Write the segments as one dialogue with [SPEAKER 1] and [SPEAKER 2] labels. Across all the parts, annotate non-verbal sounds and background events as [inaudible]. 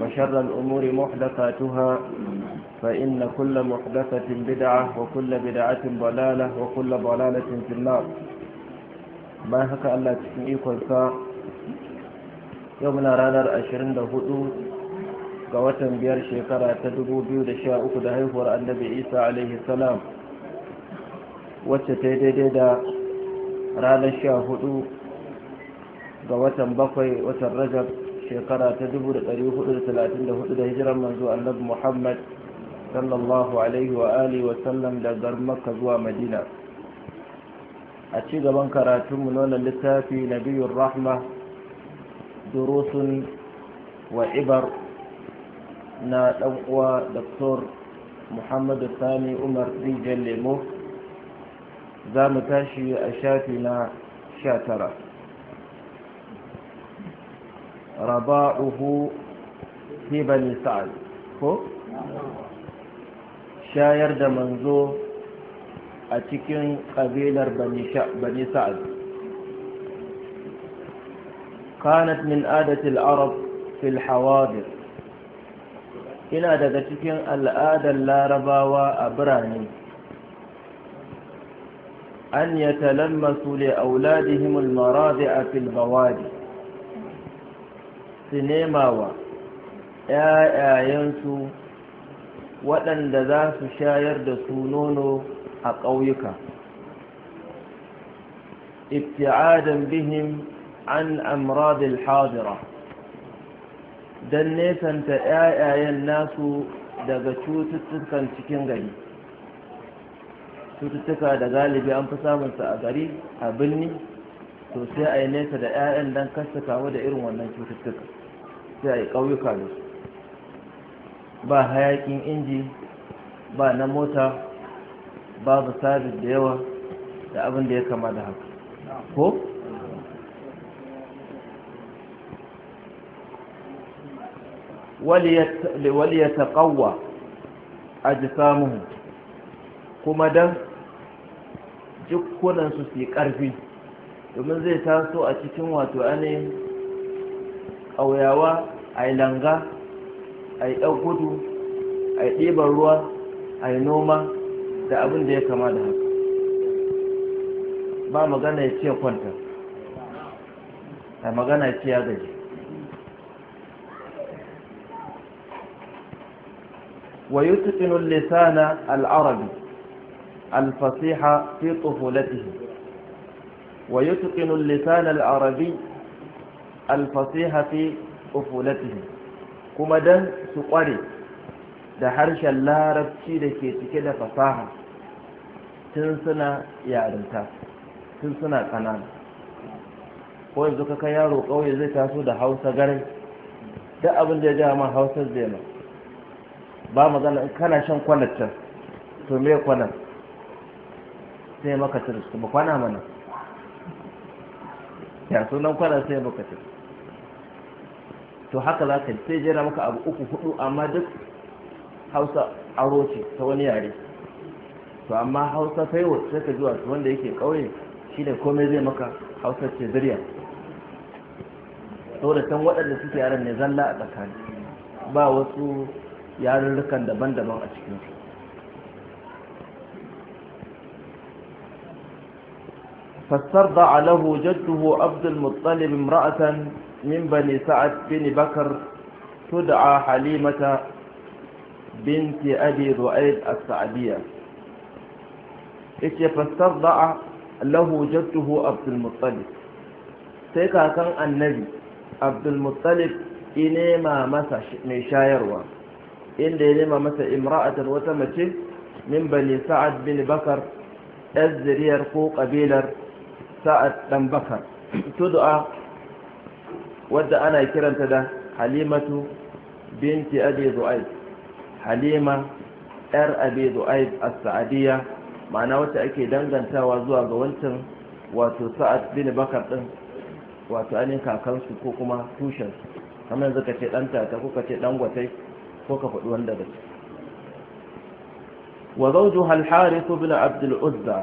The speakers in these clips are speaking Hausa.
[SPEAKER 1] وشر الأمور محدثاتها فإن كل محدثة بدعة وكل بدعة ضلالة وكل ضلالة في النار ما هكا ألا تسمعيك والفاء يومنا رانر أشرين دهدو قواتن بيار شيكرا تدبو بيود دشاء أكد هيفور النبي عيسى عليه السلام وتتدد دا رانا شاهدو قواتن بقوي وترجب shekara ta 434 da hijiran manzo annabi Muhammad sallallahu alaihi wa alihi wa sallam daga Makka zuwa Madina a ci gaban karatun mu wannan littafi nabiyur rahma durusun wa ibar na dan uwa Dr. Muhammad Sani Umar Rijal Lemo za mu tashi a shafi na 19 رباؤه في بني سعد هو شاير ده منزو اتكين قبيلة بني, بني سعد كانت من آدة العرب في الحواضر إن آدة تكين الآدة لا ربا أبراهيم أن يتلمسوا لأولادهم المراضع في البوادي su nema wa ‘ya'yayensu waɗanda za su shayar da su nono a ƙauyuka ibti'adan bihim an amradil hadira don nesanta ‘ya'yayen nasu daga cututtukan cikin gari cututtuka da galibi an fi samunsa a gari a birni to sai a yi nesa da 'ya'yan don kasta kawo da irin wannan cututtuka sai a yi ƙauyuka da su ba hayakin inji ba na mota babu sabis da yawa da abin da ya kama da haka ko? waliyata ƙauwa a jisamuhu kuma don jikunansu su yi ƙarfi domin zai taso a cikin wato ane ƙauyawa a yi langa a yi gudu a yi ɗiban ruwa a yi noma da abin da ya kama da haka ba magana ya ce kwanta a magana ya ce ya gaji ويتقن اللسان al'arabi alfasiha fi tsofolatihi ويتقن اللسان العربي الفصيح في أفولته كما دن سقري da harshen larabci da ke cike da fasaha tun suna yarinta tun suna ƙanana ko yanzu ka kai yaro ƙauye zai taso da hausa garai duk abin da ya ja ma hausa zai ma ba magana in kana shan kwanar can to me kwanar sai maka tiris kuma kwana mana ya sunan kwana sai baka ce to haka za ka sai jera maka abu uku hudu amma duk hausa aro ce ta wani yare to amma hausa faiwa sai ka zuwa wanda yake kauye shi ne komai zai maka hausa ce zuriya saboda can waɗanda suke yaran ne zalla a tsakani ba wasu yarurrukan daban-daban a cikinsu فاسترضع له جده عبد المطلب امرأة من بني سعد بن بكر تدعى حليمة بنت أبي ذؤيد السعدية إيش فاسترضع له جده عبد المطلب سيكا كان النبي عبد المطلب إنما مسا من شايروا إن إنما مسا امرأة وتمت من بني سعد بن بكر الزرير قو قبيلر sa'ad dan bakar du'a wadda ana kiranta da halimatu binti abi du'aib halima yar abi du'aib as sa’adiyya ma'ana wacce ake dangantawa zuwa ga wancan wato sa'ad bin bakar din wato anin kakansu ko kuma tushen kamar yanzu ka ce dan tata ko ka ce dan gwatai ko ka faɗi wanda da su wa zawjuha al-harith bin abd al-uzza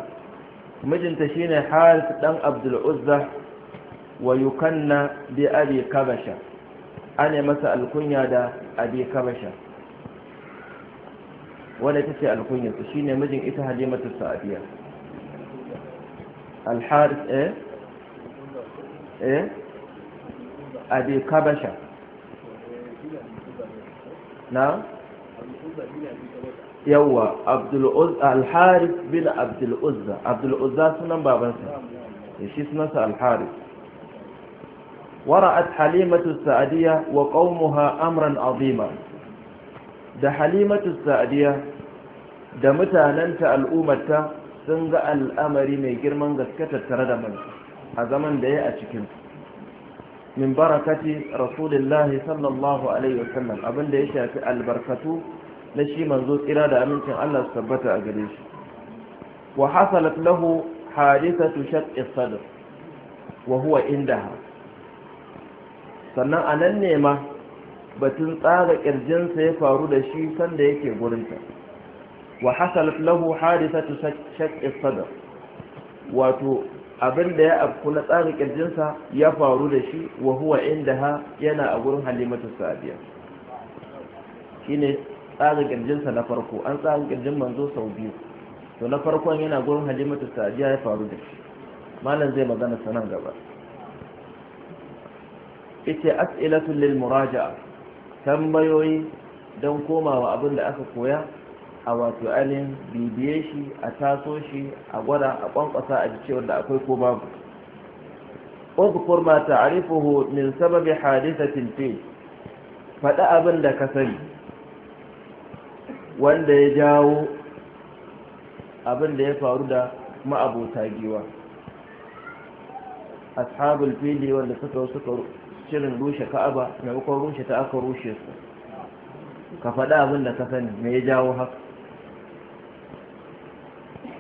[SPEAKER 1] mijinta shine haris dan abdul uzza wa yukanna bi abi kabasha ana masa alkunya da abi kabasha wanda tace alkunya su shine mijin ita halimatu sa'diya al haris eh eh abi kabasha na yawwa al bin abdul uzza sunan babansa eh, shi sunansa al-harith ورأت حليمة السعدية وقومها أمرا عظيما da halimatu sa'adiya da mutananta al'ummata sun ga al'amari mai girman gaske tattare da mai a zaman da ya a cikin min barakati rasulillahi sallallahu alaihi wasallam abinda ya shafi albarkatu na shi manzo tsira da amincin Allah su tabbata a gare shi wa hasalat lahu hadithatu shaqqi sadr wa huwa indaha sannan anan ne ma batun tsaga kirjinsa ya faru da shi sanda yake gurinta wa hasalat lahu hadithatu shaqqi sadr wato abin da ya afku na tsarin kirjinsa ya faru da shi wa huwa inda ha yana a gurin halimatu shi ne tsarin kirjinsa na farko an tsarin kirjin manzo sau biyu to na farkon yana gurin halimata Sadiya ya faru da shi malam zai magana sanan gaba ita as'ilatul lil muraja'a tambayoyi don komawa abin da aka koya a wato ainihin bibiye shi a taso shi a gwada a kwankwasa a cewar da akwai ko babu ukur ma ta'rifuhu min sababi hadithatin fi faɗi abin da ka sani wanda ya jawo abin da ya faru da ma'abota giwa ashabul fili wanda suka suka shirin rushe ka'aba maimakon rushe ta aka rushe su ka faɗi abin da ka sani me ya jawo haka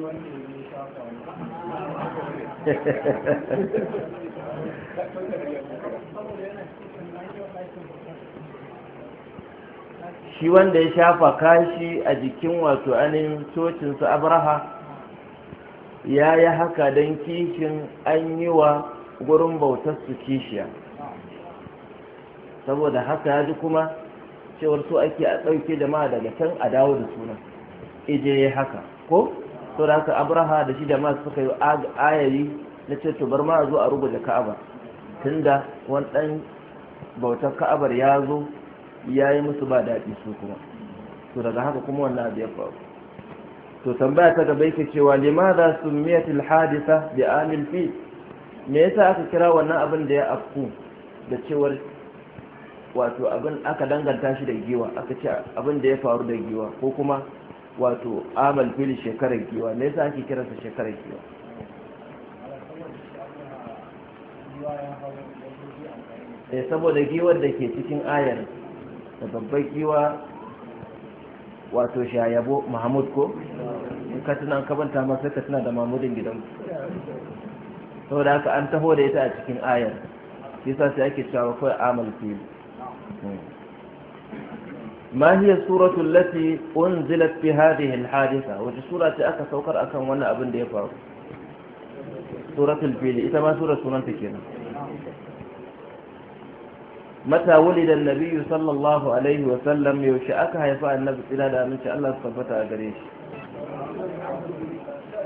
[SPEAKER 1] [laughs] shi wanda ya shafa kashi a jikin wato anin cocinsu abraha ya yi haka don kishin an yi wa gurin su kishiya saboda haka ya ji kuma cewar su ake a ɗauke jama'a daga can a dawo da suna ije ya haka ko sau da haka abraha da shi jama'a suka yi ayayi na ce to bar ma a zo a rubuta ka'aba tunda wani dan bautar ka'abar ya zo ya yi musu ba daɗi su kuma to daga haka kuma wannan abu ya faru to tambaya ta gaba yake cewa limadha sumiyat alhadisa bi amil fi me yasa aka kira wannan abin da ya afku da cewar wato abin aka danganta shi da giwa aka ce abin da ya faru da giwa ko kuma wato amal fil shekarar giwa ne yasa ake kiransa shekarar giwa eh saboda giwar da ke cikin ayar da babbar giwa wato shayabo mahamud ko in ka tuna ka banta sai ka tuna da mahamudin gidan saboda haka an taho da ita a cikin ayar yasa sai ake cewa kawai amal fil hmm. ما هي السورة التي أنزلت في هذه الحادثة وفي سورة أكا سوكر أكا وانا أبن دي فارو سورة الفيل إذا ما سورة سورة كينا متى ولد النبي صلى الله عليه وسلم يوشأك هيفاء النبي إلى لا من شاء الله صفتها قريش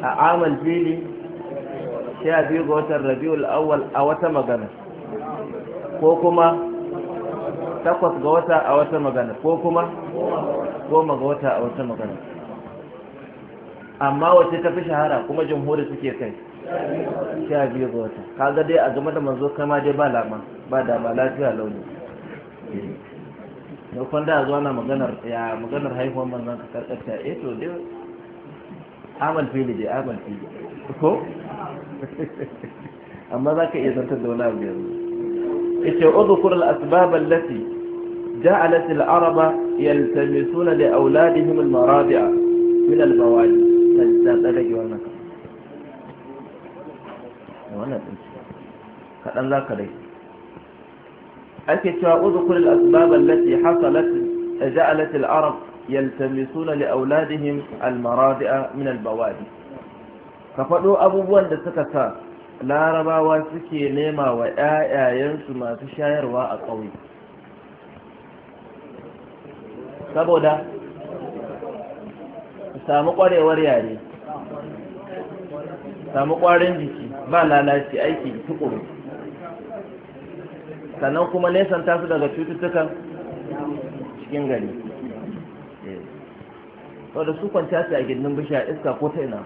[SPEAKER 1] عام الفيل شابي غوث الربيع الأول أو تمغنى وكما takwas ga wata a wata magana ko kuma goma ga wata a wata magana amma wace ta fi shahara kuma jamhuri suke kai sha biyu ga wata kaga dai a game da manzo kama dai ba lama ba dama lafiya launi yankon da zuwa na maganar ya maganar haihuwar manzan ka karkata eh to dai amal fili dai amal fili ko [laughs] amma za ka iya zartar da wani abu yanzu yace uzu al-asbab allati جعلت العرب يلتمسون لأولادهم المرادع من البوادي لذلك وانا وانا لا ذاك لي أكي أذكر الأسباب التي حصلت جعلت العرب يلتمسون لأولادهم المرادع من البوادي فقالوا أبوان لا larabawa لا nema wa 'ya'yayensu masu shayarwa a ƙauye saboda samu ƙwarewar yare samu ƙwarin jiki ba lalaci aiki tukuru sannan kuma nesan tasu daga cututtukan cikin gari wadda eh. su kwanta su a gindin bishiya iska ko ta ina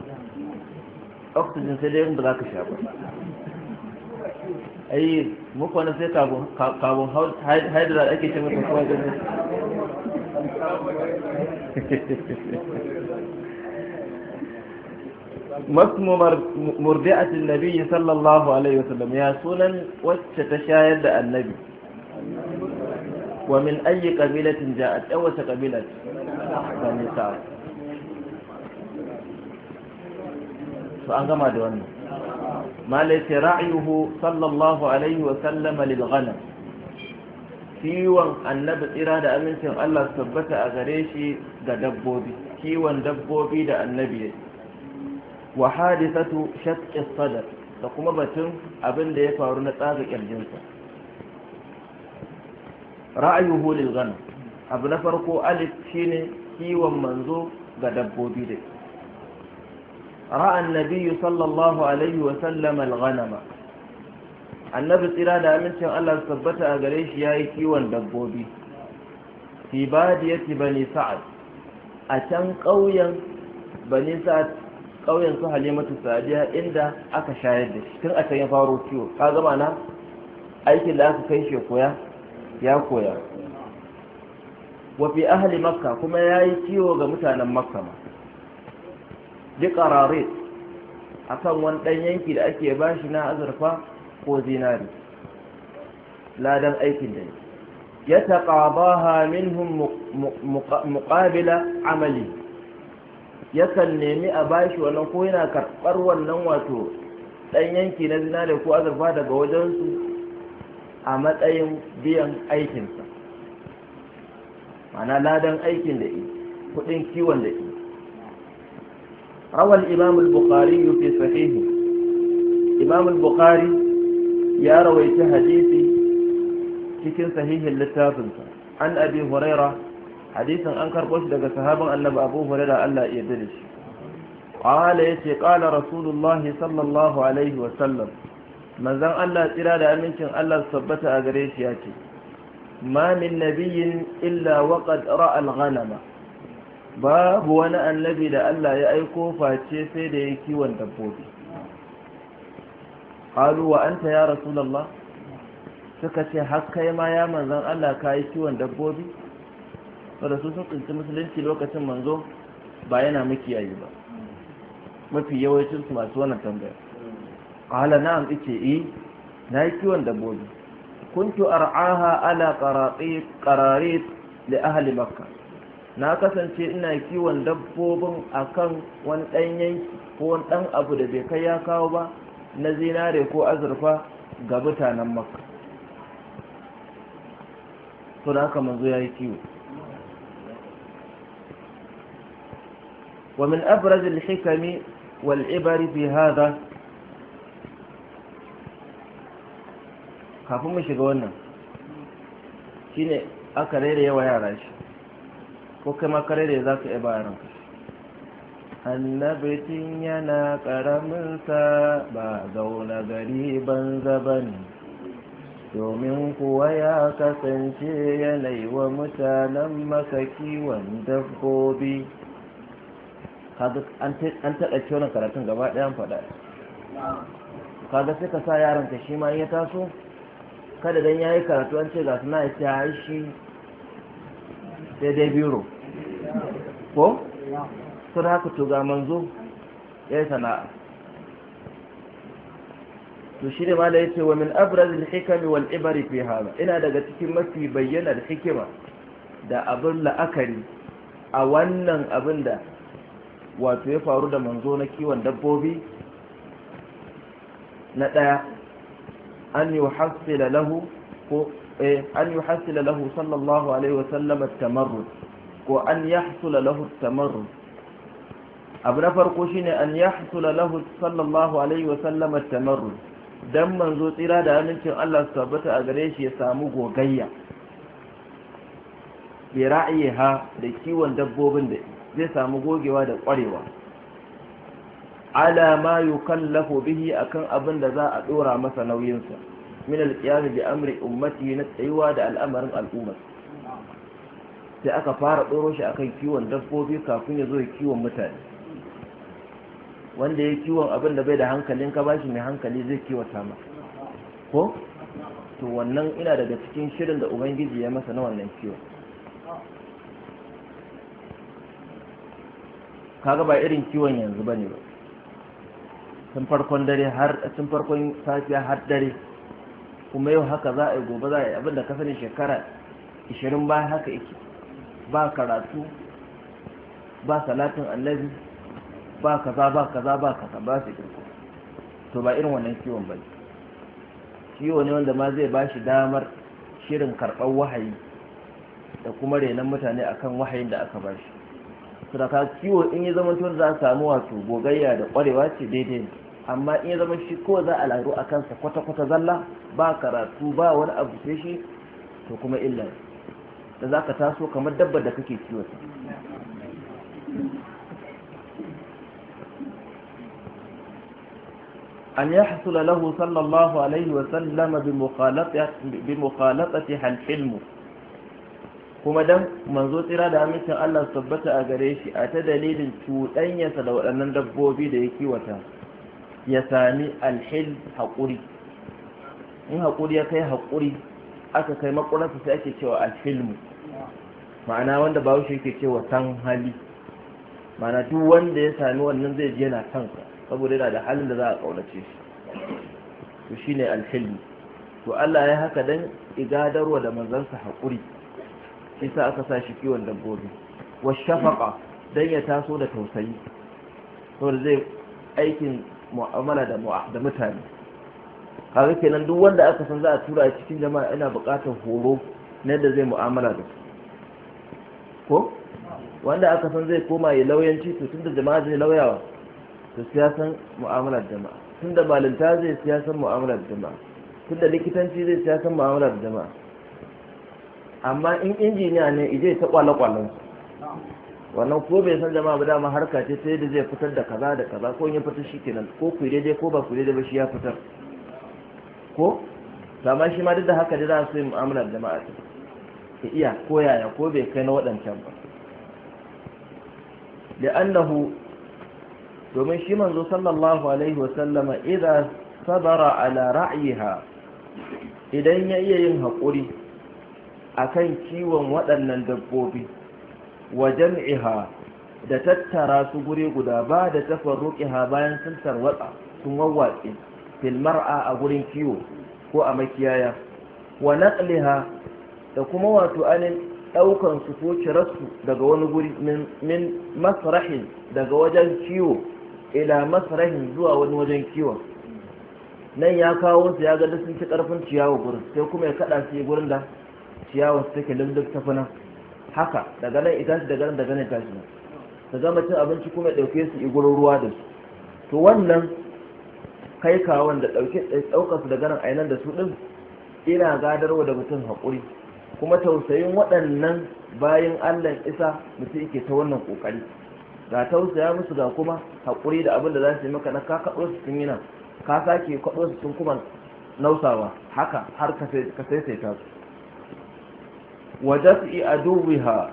[SPEAKER 1] oxygen sai dai da za ka sha A ayi muku wani sai carbon hydrate ake ce mutum kuma gani مسم مرضعة النبي صلى الله عليه وسلم يا سنن وستشاهد النبي ومن أي قبيلة جاءت أو قبيلة بني سعد
[SPEAKER 2] فأغمى دون
[SPEAKER 1] ما ليس رعيه صلى الله عليه وسلم للغنم kiwon annabi tsira da amincin Allah su tabbata a gare shi ga dabbobi kiwon dabbobi da annabi ya wa hadithatu shaqqi sadr da kuma batun abin da ya faru na tsaga kirjinsa ra'ayuhu lil ghanam abu na farko alif shine kiwon manzo ga dabbobi da ra'a annabi sallallahu alaihi wa sallama al ghanama annabi tsira da amincin Allah su tabbata a gare shi yi kiwon dabbobi fi ci bani sa'ad a can ƙauyen bani sa'ad ƙauyen su halimatu sadiya inda aka shayar da shi tun a can ya faro kiwo ka gama na aikin da aka kai shi koya ya koya wafi ahali makka kuma ya yi kiwo ga mutanen makka ma duk a akan wani ɗan yanki da ake bashi na azurfa ko zinari ladan aikin da ya taqabaha minhum muqabila amali yakan nemi a bashi wannan ko yana karɓar wannan wato ɗan yanki na zinari ko azurfa daga wajensu a matsayin biyan aikinsa mana ladan aikin da yi kudin kiwon da yi rawar imam al-bukhari fi sahihi imam al-bukhari ya rawaita hadisi cikin sahihin littafinsa an abi huraira hadisin an karɓo shi daga sahabin annabi abu huraira Allah ya yarda shi qala yace qala rasulullah sallallahu alaihi wa sallam manzon Allah tsira da amincin Allah tabbata a gare shi yace ma min nabiyyin illa waqad ra'a al-ghanama babu wani annabi da Allah ya aiko face sai da ya kiwon dabbobi qalu wa anta ya rasulullah suka ce haka kai ma ya manzon Allah ka yi kiwon dabbobi wanda su sun tsinci musulunci lokacin manzo ba yana makiyayi ba mafi yawancin su masu wannan tambaya qala na'am ce eh na yi kiwon dabbobi kuntu ar'aha ala ƙararri li ahli makka na kasance ina kiwon dabbobin akan wani ɗan yanki ko wani ɗan abu da bai kai ya kawo ba na zinare ko azurfa ga mutanen makka to da haka manzo ya yi kiwo ومن أبرز الحكم والعبر في هذا kafin mu shiga wannan shine aka rere yawa yara shi ko kai ma ka rere za ka iya bayaran ka annabcin yana ƙaraminsa ba zaune gari banza ba ne domin kuwa ya kasance yanayi wa mutanen maka kiwon dabbobi an taɗa ciwon karatun gaba ɗayan faɗa kaga sai ka sa yaranka shi ma ya taso kada dan yi karatu an ce ga suna ya ce shi daidai biro ko da haka to ga manzo ya sana'a to shi ne ma da ya wa min al hikami wal ibar fi hada ina daga cikin mafi bayyanar hikima da abin la'akari a wannan abin da wato ya faru da manzo na kiwon dabbobi na daya an yi hasila lahu ko eh, an yi hasila lahu sallallahu alaihi at tamarrud ko an yahsula lahu tamarrud abu na farko shine an yahsula lahu sallallahu alaihi wa sallam at-tamarrud dan manzo tsira da amincin Allah su tabbata a gare shi ya samu gogayya bi ra'iha da kiwon dabbobin da zai samu gogewa da kwarewa ala ma yukallafu bihi akan abin da za a dora masa nauyinsa min al-qiyam bi amri ummati na tsayuwa da al'amarin al'umma sai aka fara doro shi akan kiwon dabbobi kafin ya zo kiwon mutane wanda ya kiwon abin da bai da hankalin ka bashi mai hankali zai kiwata ma ko to wannan ina daga cikin shirin da ubangiji ya masa na wannan kiwo kaga ba irin kiwon yanzu bane ba tun farkon dare har tun farkon safiya har dare kuma yau haka za a yi gobe za a yi abin da ka sani shekara 20 ba haka yake ba karatu ba salatin annabi ba kaza ba kaza ba kaza ba su kirko to ba irin wannan kiwon ba kiwo ne wanda ma zai ba shi damar shirin karɓar wahayi da kuma renon mutane akan wahayin da aka ba shi sadaka kiwo in yi zama tun za a samu wato gogayya da ƙwarewa ce daidai ne amma in yi zama shi ko za a laro a kansa kwata-kwata zalla ba karatu ba wani abu sai shi to kuma illa da za ka taso kamar dabbar da kake kiwata أن يحصل له صلى الله عليه وسلم بمخالطتها الحلم kuma dan manzo tsira da amincin Allah su tabbata a gare shi a ta dalilin cuɗanyarsa da waɗannan dabbobi da ya kiwata ya sami alhil haƙuri in haƙuri ya kai haƙuri aka kai makurarsa sai ake cewa alhilmu ma'ana wanda ba shi yake cewa san hali ma'ana duk wanda ya sami wannan zai ji yana kansa saboda yana da halin da za a kaunace shi to shine alhilmi to Allah ya haka dan igadarwa da manzansa hakuri shi sa aka sa shi kiwon dabbobi wa shafaqa dan ya taso da tausayi saboda zai aikin mu'amala da da mutane kaga kenan duk wanda aka san za a tura a cikin jama'a ina buƙatar horo na yadda zai mu'amala da su ko wanda aka san zai koma ya lauyanci to tun da jama'a zai lauyawa Da siyasan mu'amalar jama'a tun da balinta zai siyasan mu'amalar jama'a tun da likitanci zai siyasan mu'amalar jama'a amma in injiniya ne ije ta kwale-kwalen wannan ko bai san jama'a ba dama harka ce sai da zai fitar da kaza da kaza ko in ya fitar shi kenan ko ku daidai ko ba ku daidai ba shi ya fitar ko amma shi ma duk da haka da za su yi mu'amalar jama'a ta iya ko yaya ko bai kai na waɗancan ba لأنه domin shi manzo sallallahu alaihi wasallama idan sabara ala ra'ayiha idan ya iya yin haƙuri a kan kiwon waɗannan dabbobi wa jam'iha da tattara su guri guda ba da tafarruqiha bayan sun tarwatsa sun wawwatse fil a gurin kiwo ko a makiyaya wa naqliha da kuma wato anin daukan su ko cirarsu daga wani guri min masrahin daga wajen kiwo ila masarahin zuwa wani wajen kiwon nan ya kawo su ya gada sun ci karfin ciyawa gurin sai kuma ya kada su gurin da ciyawa su take lullu ta fana haka daga nan ita daga nan daga nan ta shi ta zama cin abinci kuma ya dauke su gurin ruwa da su to wannan kai kawon da dauke daukar su daga nan ainihin da su din ina gadarwa da mutum haƙuri kuma tausayin waɗannan bayan allah isa mutum yake ta wannan ƙoƙari ga tausaya musu ga kuma haƙuri da abin da za su yi maka na ka kaɗo su sun yi nan ka sake kaɗo su sun kuma nausawa haka har ka saisaita su su iya a aduwiha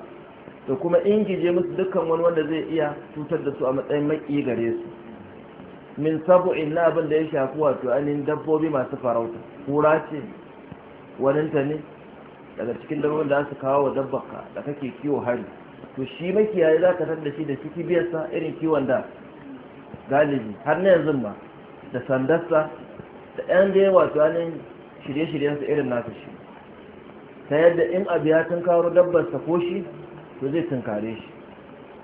[SPEAKER 1] da kuma ingije musu dukkan wani wanda zai iya cutar da su a matsayin maƙi gare su min sabu na abin da ya shafi wato ainihin dabbobi masu farauta kura ce wani ta ne daga cikin dabbobin da su kawo wa dabbaka da kake kiwo hari to shi makiyayi za ka san da shi da ciki biyarsa irin kiwon da galibi har na yanzu ma da sandarsa da yan da yawa tunanin shirye shiryen su irin nasu shi ta yadda in abu ya dabbar sa ko shi to zai tun kare shi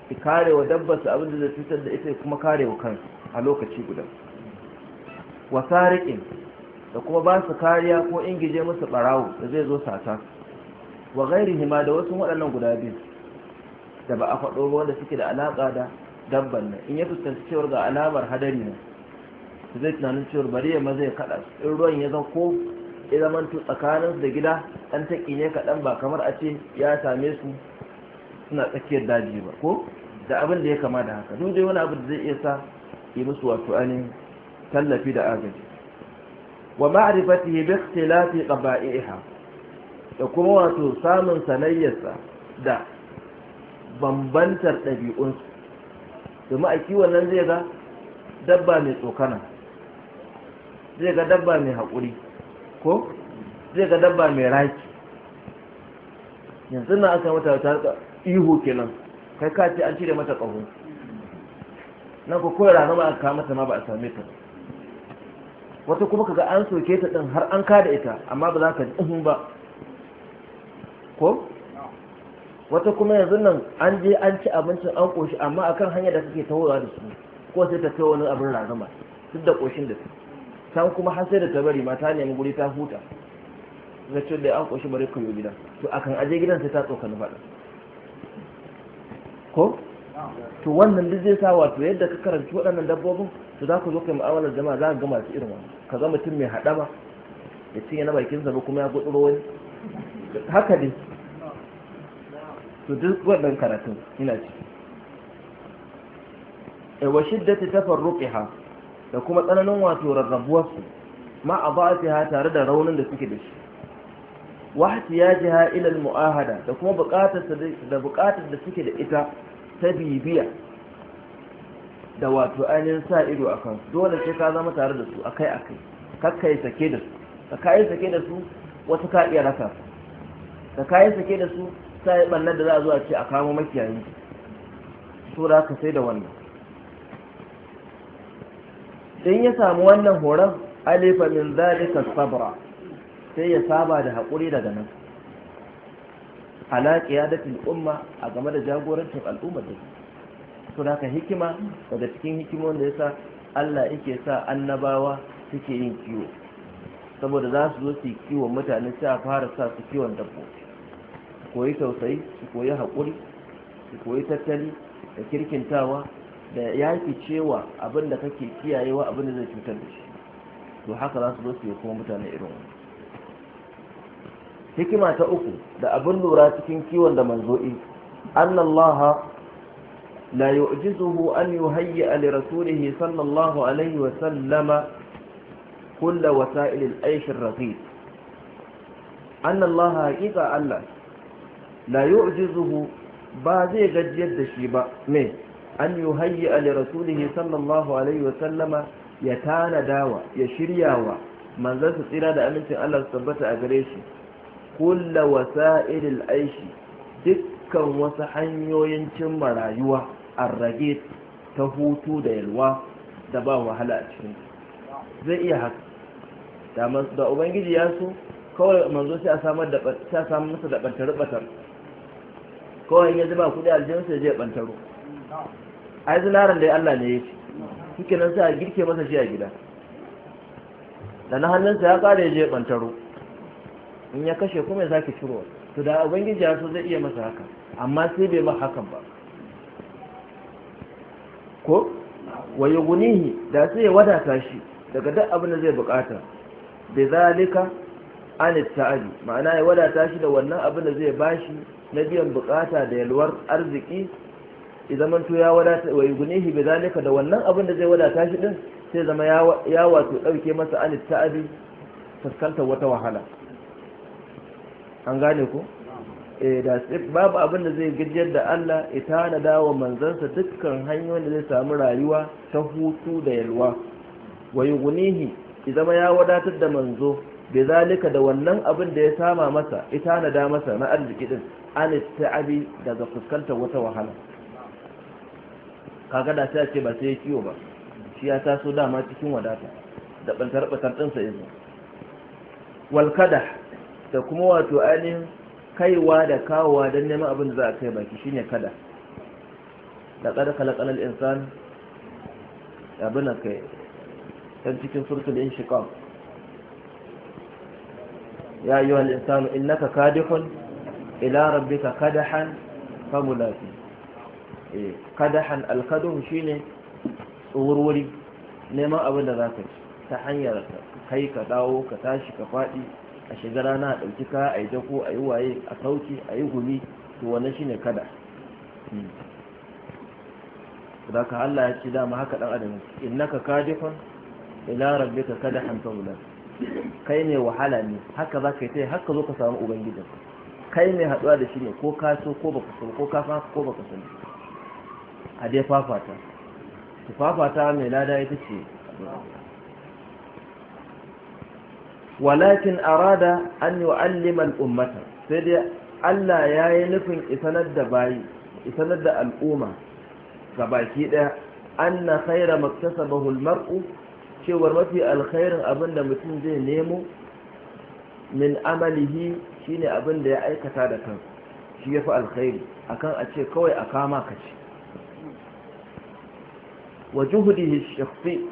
[SPEAKER 1] ki kare wa sa abin da zai cutar da ita kuma kare wa kansa a lokaci guda wasariƙin da kuma ba su kariya ko ingije musu barawo da zai zo sata wa gairi hima da wasu waɗannan guda biyu da ba a faɗo ba wanda suke da alaƙa da dabban nan in ya fuskanci cewar ga alamar hadari ne zai tunanin cewar bari ya maza ya kaɗa in ruwan ya zan ko ya zama tsakanin da gida ɗan taƙi ne kaɗan ba kamar a ce ya same su suna tsakiyar daji ba ko da abin da ya kama da haka duk dai wani abu da zai iya sa yi musu wato ainihin tallafi da agaji wa ma'rifatihi bi ikhtilafi qaba'iha da kuma wato samun sanayyarsa da bambantar ɗabi'unsu domin a kiwon nan zai ga dabba mai tsokana zai ga dabba mai haƙuri ko zai ga dabba mai raki yanzu na aka mata ta ihu kenan kai ka ce an cire mata ƙaho nan ku kawai rana ma aka kawo mata ma ba a same ta wata kuma kaga an soke ta ɗin har an kada ita amma ba za ka ji ba ko wata kuma yanzu nan an je an ci abincin an koshi amma akan hanyar da kake tawowa da su ko sai ta kai wani abin razama duk da koshin da can kuma har sai da ta bari mata nemi guri ta huta na ce da an koshi bari ku yi gidan to akan aje gidan sai ta tsokani faɗa ko to wannan duk zai sa wato yadda ka karanci waɗannan dabbobin to za ku zo kai mu'amalar jama'a za ka ga masu irin wani ka ga mutum mai haɗama ya cinye na bakinsa ba kuma ya gudu wani haka dai to duk wannan karatun ina ci e wa shiddati tafarruqiha da kuma tsananin wato rarrabuwar su ma adatiha tare da raunin da suke da shi wa hatiyajiha ila mu'ahada da kuma buƙatar da buƙatar da suke da ita ta bibiya da wato ainihin sa ido a kan dole sai ka zama tare da su akai akai kakkai sake da su ka sake da su wata ka iya raka ka kai sake da su sa ya bannar da za a zuwa ce a kamo makiyayi so da ka sai da wannan in ya samu wannan horon alifa min zalika sabra sai ya saba da haƙuri daga nan alaƙi ya dafi umma a game da jagorancin al'ummar da su da hikima daga cikin hikimon da ya sa allah yake sa annabawa suke yin kiwo saboda za su zo su yi kiwon mutane sai a fara sa su kiwon dabbobi koyi tausayi su koyi haƙuri su koyi tattali da kirkintawa da yaki cewa abin da kake kiyayewa abin da zai cutar da shi to haka za su zo su yi kuma mutane irin wani hikima ta uku da abin lura cikin kiwon da manzo'i annallaha la yu'jizuhu an yuhayyi Ali rasulihi sallallahu alaihi wa sallama kulla wasa'il al-aish ar-raghib annallaha haqiqa Allah la yu'jizuhu ba zai gajiyar da shi ba me an yuhayyi ali rasulihi sallallahu alaihi wa sallama ya tanadawa ya shiryawa manzon su tsira da amincin Allah su tabbata a gare shi kulla wasa'ilil aishi dukkan wasu hanyoyin marayuwa rayuwa rage ta hutu da yalwa da ba wahala a cikin zai iya haka da ubangiji ya so kawai manzo sai a samar da sai a kawai ya zuba kuɗi aljihun sai zai bantaro yi zinaran da ya Allah ne ya ce suke nan sai a girke masa shi a gida da na hannunsa ya ƙara ya je bantaro in ya kashe kuma ya ki ciro? to da ubangiji ya so zai iya masa haka amma sai bai ma hakan ba ko waye gunihi da sai ya wadata shi daga duk abin da zai bukata bai zalika anit ta'ali ma'ana ya wadata shi da wannan abin da zai bashi na biyan bukata da yalwar arziki idan to ya wadata wa yugunihi bi zalika da wannan abin da zai wadata shi din sai zama ya wato dauke masa an ta'abi fuskantar wata wahala an gane ko eh da babu abin da zai gajiyar da Allah ita na dawo manzansa dukkan hanyoyin da zai samu rayuwa ta hutu da yalwa wa yugunihi idan ya wadatar da manzo bi zalika da wannan abin da ya sama masa ita na da masa na arziki din an ta'abi daga fuskantar wata wahala kaga da sai ce ba sai ya kiwo ba shi ya taso dama cikin wadata da bantar bantar ɗinsa yanzu kada da kuma wato ainin kaiwa da kawowa don neman abin da za a kai baki shine kada da kada al insan abin da kai dan cikin surtul inshiqaq ya ayyuhal insanu innaka kadihun ila rabbika kadahan famulati eh kadahan alkadahu shine tsurwuri neman abin da zaka ci ta hanyar kai ka dawo ka tashi ka fadi a shiga na a dauki ka a yi dako a yi waye a sauki a yi gumi to wannan shine kada da ka Allah ya da ma haka dan adam innaka kadifan ila rabbika kadahan famulati kai ne wahala ne haka zaka yi haka zo ka samu ubangijinka kai mai haduwa da shi ne ko ka so ko baka so ko ka fasa ko baka a dai fafata to fafata mai lada ita ce walakin arada an yu'allima al-ummata sai dai Allah ya yi nufin isanar da bayi isanar da al'umma ga baki ɗaya an na khaira maktasa al-mar'u cewar mafi alkhairin abin da mutum zai nemo min amalihi shine abin da ya aikata da kan shi ya fi alkhairi akan a ce kawai a kama ka ce wa juhudihi shakhsi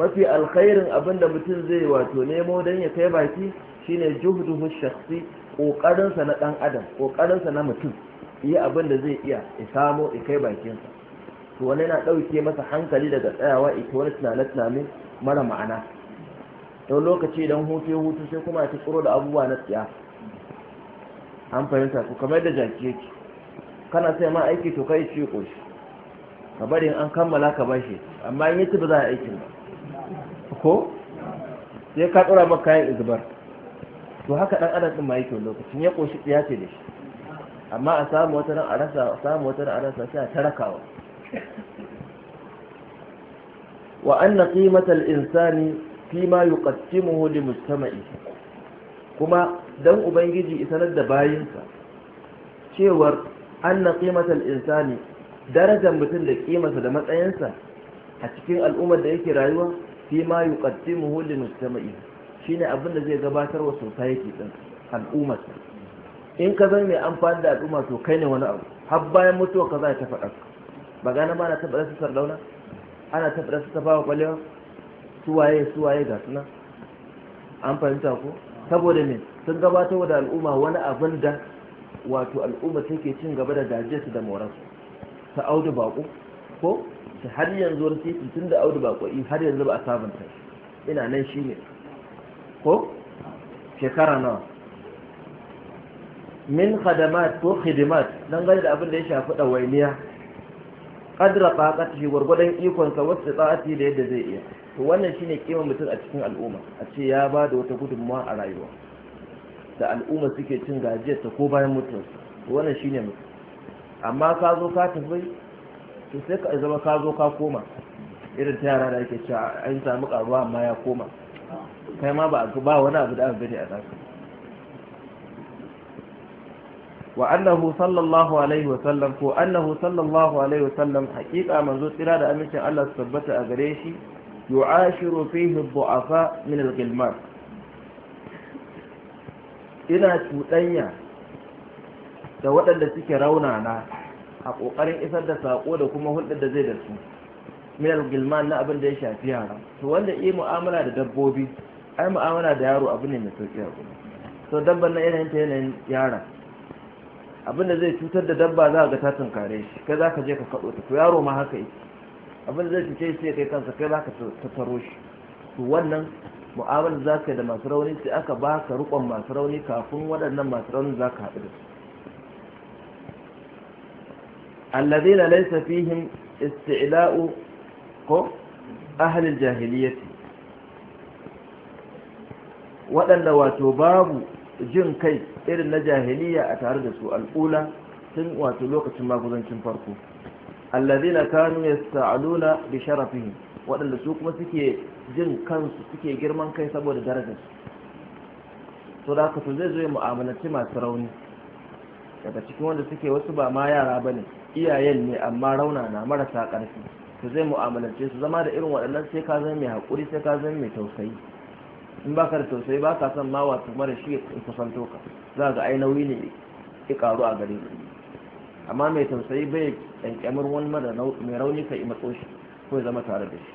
[SPEAKER 1] mafi alkhairin abin da mutum zai wato nemo don ya kai baki shine juhuduhu shakhsi kokarinsa na dan adam kokarinsa na mutum yi abin da zai iya ya samu ya kai bakinsa to wani yana ɗauke masa hankali daga tsayawa ita wani tunane-tunane mara ma'ana don lokaci idan hutu ya hutu sai kuma ya tsoro da abubuwa na tsiya an fahimta ku kamar da jaki yake kana sai ma aiki to kai ce ko shi ka bari an kammala ka bashi amma in yace ba za a aikin ba ko sai ka tsora maka kayan izbar to haka dan adam din ma yake lokacin ya koshi tsiya ce da shi amma a samu wata ran a rasa samu wata ran a rasa sai a tarakawa wa anna qimatal insani fi ma yuqaddimuhu li mujtama'i kuma dan ubangiji isanar da bayinsa cewar anna qimatal insani darajar mutum da kimarsa da matsayinsa a cikin al'ummar da yake rayuwa fi ma yuqaddimuhu li mujtama'i shine abin da zai gabatar wa society din al'ummar in ka zama mai amfani da al'umma to kai ne wani abu har bayan mutuwa ka za ta faɗa ba gane ba na taɓa su sardauna ana taɓa su tafawa kwalewa suwaye suwaye ga suna an fahimta ko saboda ne sun gabatar da al'umma wani abin da wato al'umma take cin gaba da su da su, ta audu bako ko ta har yanzu wani titi tun da audu bako har yanzu ba a sabunta ina nan shi ne ko shekara nawa min khadamat ko khidimat dan gani da abin da ya shafi dawainiya qadra taqatihi gurgurdan ikon sa wasu tsati da yadda zai iya to wannan shine kima mutum a cikin al'umma a ce ya ba da wata gudunmawa a rayuwa da al'umma suke cin ta ko bayan mutum to wannan shine mutum amma ka zo ka tafi to sai ka zama ka zo ka koma irin ta yara da ake cewa an samu karuwa amma ya koma kai ma ba ba wani abu da aka gani a zaka wa annahu sallallahu alaihi wa sallam ko annahu sallallahu alaihi wa sallam haqiqa manzo tsira da amincin Allah su tabbata a gare shi yu'ashiru fihi du'afa min al-gilmar ina cuɗanya da waɗanda suke raunana a ƙoƙarin isar da sako da kuma hulɗar da zai da su min al-gilman na abin da ya shafi yara to wanda yi mu'amala da dabbobi ai mu'amala da yaro abu ne mai sauƙi a gudu so dabban na yanayin ta yanayin yara abin da zai cutar da dabba za ga ta tunkare shi kai za ka je ka kaɗo ta to yaro ma haka yake abin zai ce shi ya kai kansa kai ba ka tattaro shi to wannan mu'amalar za ka yi da masu rauni sai aka ba ka rukon masu rauni kafin waɗannan masu rauni za ka haɗu da su na laysa fihim isti'la'u ko ahli jahiliyyati waɗanda wato babu jin kai irin na jahiliya a tare da su al'ula tun wato lokacin maguzancin farko allazina kanu yasta'luna bi sharafihi wadanda su kuma suke jin kansu suke girman kai saboda darajar to da haka to zai zo ya mu'amalanci masu rauni daga cikin wanda suke wasu ba ma yara bane iyayen ne amma rauna na marasa ƙarfi to zai mu'amalance su zama da irin waɗannan sai ka zama mai haƙuri sai ka zama mai tausayi in baka da tausayi baka san ma wato mara shi ya kusanto ka za ga ai nauyi ne ya ƙaru a gare ni amma mai tausayi bai ƙyanƙyamar wani mara mai rauni kai matso shi ko ya zama tare da shi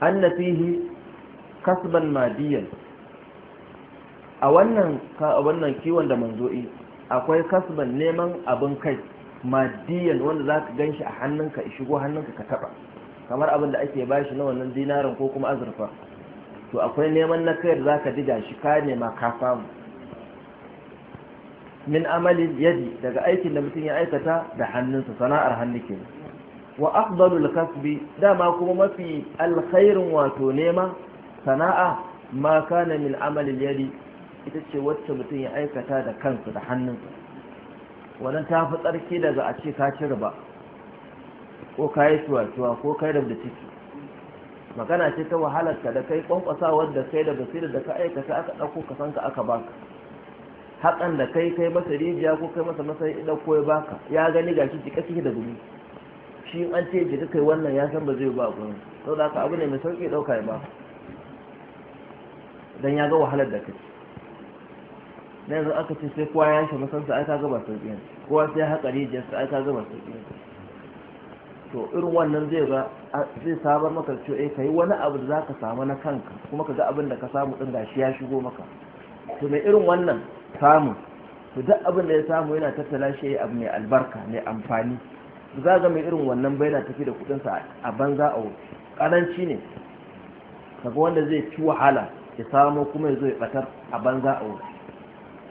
[SPEAKER 1] an na fihi kasban madiyan a wannan kiwon da manzo'i akwai kasban neman abin kai madiyan wanda za ka ganshi a hannunka shigo hannunka ka taɓa kamar abin da ake bashi na wannan dinarin ko kuma azurfa to akwai neman na kai da za ka diga shi ka nema ka samu min amalin yadi daga aikin da mutum ya aikata da hannunsa sana'ar hannu ke wa afdalul kasbi dama kuma mafi alkhairin wato nema sana'a ma kana min amalin yadi ita ce wacce mutum ya aikata da kansa da hannunsa wannan ta fi tsarki daga a ce ka ci riba ko ka yi ko kai da ciki magana ce ta wahalarka da kai kwankwasa wadda kai da basira da ka aikata aka ɗauko ka san ka aka baka haƙan da kai kai masa rijiya ko kai masa masa ya ɗauko ya baka ya gani gashi jika ciki da gumi shi an ce jika kai wannan ya san ba zai ba gurin sau da abu ne mai sauƙi ɗauka ya baka don ya ga wahalar da kai na yanzu aka ce sai kowa ya shi masansa ai ka ga ba sauƙi ne kowa sai haƙa rijiyarsa ai ka ga ba sauƙi ne to irin wannan zai ga zai sabar maka cewa eh kai wani abu da zaka samu na kanka kuma ka ga abin da ka samu din gashi ya shigo maka to mai irin wannan samu to duk abin da ya samu yana tattala shi abu mai albarka mai amfani za ga mai irin wannan bai na tafi da sa a banza a wuce karanci ne kaga wanda zai ci wahala ya samo kuma ya zo ya batar a banza a wuce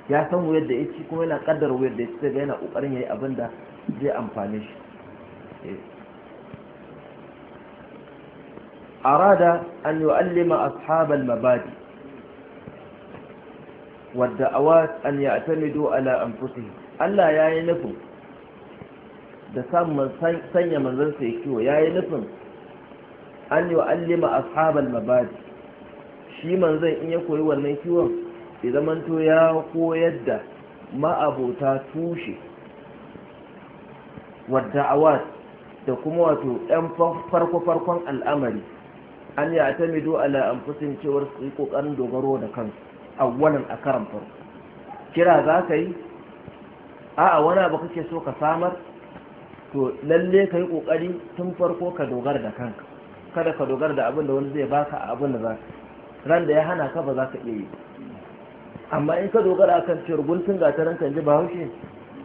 [SPEAKER 1] ya san wuyar da ya ci kuma yana kaddara wuyar da ya ci daga yana kokarin ya yi abin da zai amfane shi eh. arada an yu'allima ashabal mabadi والدعوات أن يعتمدوا على أنفسهم ألا يا نفهم da samun sanya manzansa ya kiwo ya yi nufin an yi wa allima ashabal mabadi shi manzan in ya koyi wannan kiwon Idan zamanto ya koyar da ma'abota tushe wadda awad da kuma wato yan farko-farkon al'amari an yi a tamido ala amfusin cewar su yi kokarin dogaro da kansu awwalan a karan farko kira za ka yi a wani abu kake so ka samar to lalle ka yi kokari tun farko ka dogara da kanka kada ka dogara da abin da wani zai baka a abin da za ka ran da ya hana ka ba za ka iya yi amma in ka dogara akan cewar guntun gatarin kan ji bahaushe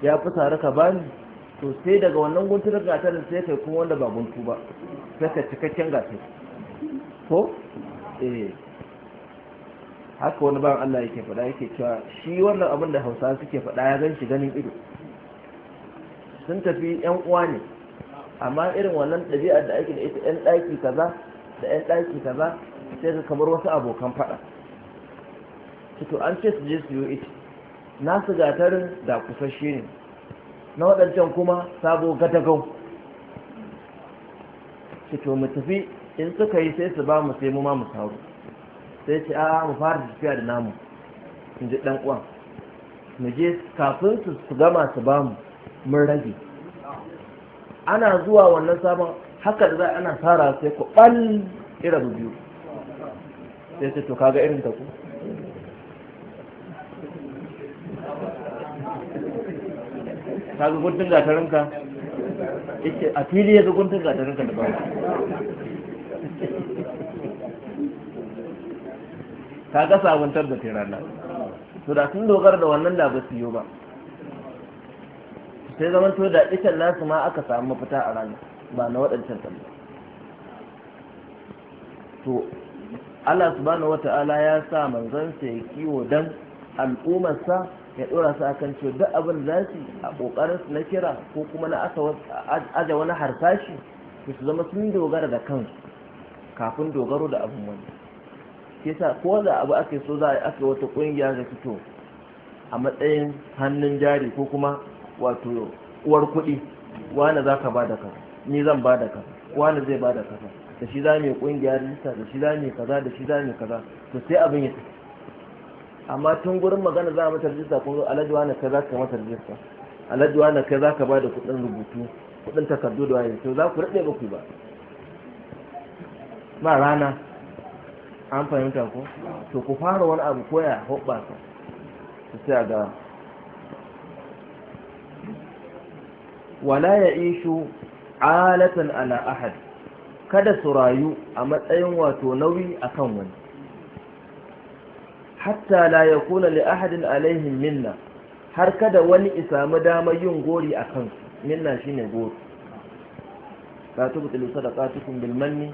[SPEAKER 1] ya fi tare ka bani to sai daga wannan guntun gatarin sai kai kuma wanda ba guntu ba sai ka cikakken gatar ko eh haka wani ban Allah yake faɗa yake cewa shi wannan abin da hausa suke faɗa ya gan shi ganin ido sun tafi yan uwa ne amma irin wannan ɗabi'ar da ake da ita yan ɗaki kaza da yan ɗaki kaza sai ka kamar wasu abokan faɗa to an ce su je su yi ita na su tarin da kusashe ne na waɗancan kuma sabo gadagau to mu tafi in suka yi sai su ba mu sai mu ma mu sauro sai ce a ah, mu fara tafiya da namu in ji dan uwan mu je kafin su su gama su bamu mun rage ana zuwa wannan sabon haka da za ana fara sai ku bal irin biyu sai ce to kaga irin ta ku kaga guntun gatarinka yake a fili ya ga guntun gatarinka da ba ka ga sabuntar da rana to da sun dogara da wannan da ba su yi ba sai zaman to da ita nasu ma aka samu mafita a rana ba na waɗancan tsalli to Allah subhanahu wata'ala ya sa manzon sa ya kiwo dan al'ummarsa ya ɗora su akan cewa duk abin da su a kokarin su na kira ko kuma na aja wani harsashi su zama sun dogara da kansu kafin dogaro da abin wani yasa ko da abu ake so za a aka wata kungiya da fito a matsayin hannun jari ko kuma wato uwar kuɗi wane za ka ba da ka ni zan ba da ka wane zai ba da kaza da shi za mai kungiya lista da shi za mai kaza da shi za mai kaza to sai abin ya tafi amma tun gurin magana za a mata rijista ko zo alhaji kai za ka mata rijista alhaji kai za ka ba da kuɗin rubutu kuɗin takardu da waye to za ku rade ba ku ba ba rana an fahimta ko to ku fara wani abu koya hoɓɓasa su sai a ga wala ya ishu alatan ala ahad kada su rayu a matsayin wato nauyi akan wani hatta la ya kuna li ahadin alaihin minna har kada wani isamu damar yin gori a kansu minna shine gori ta da bilmanni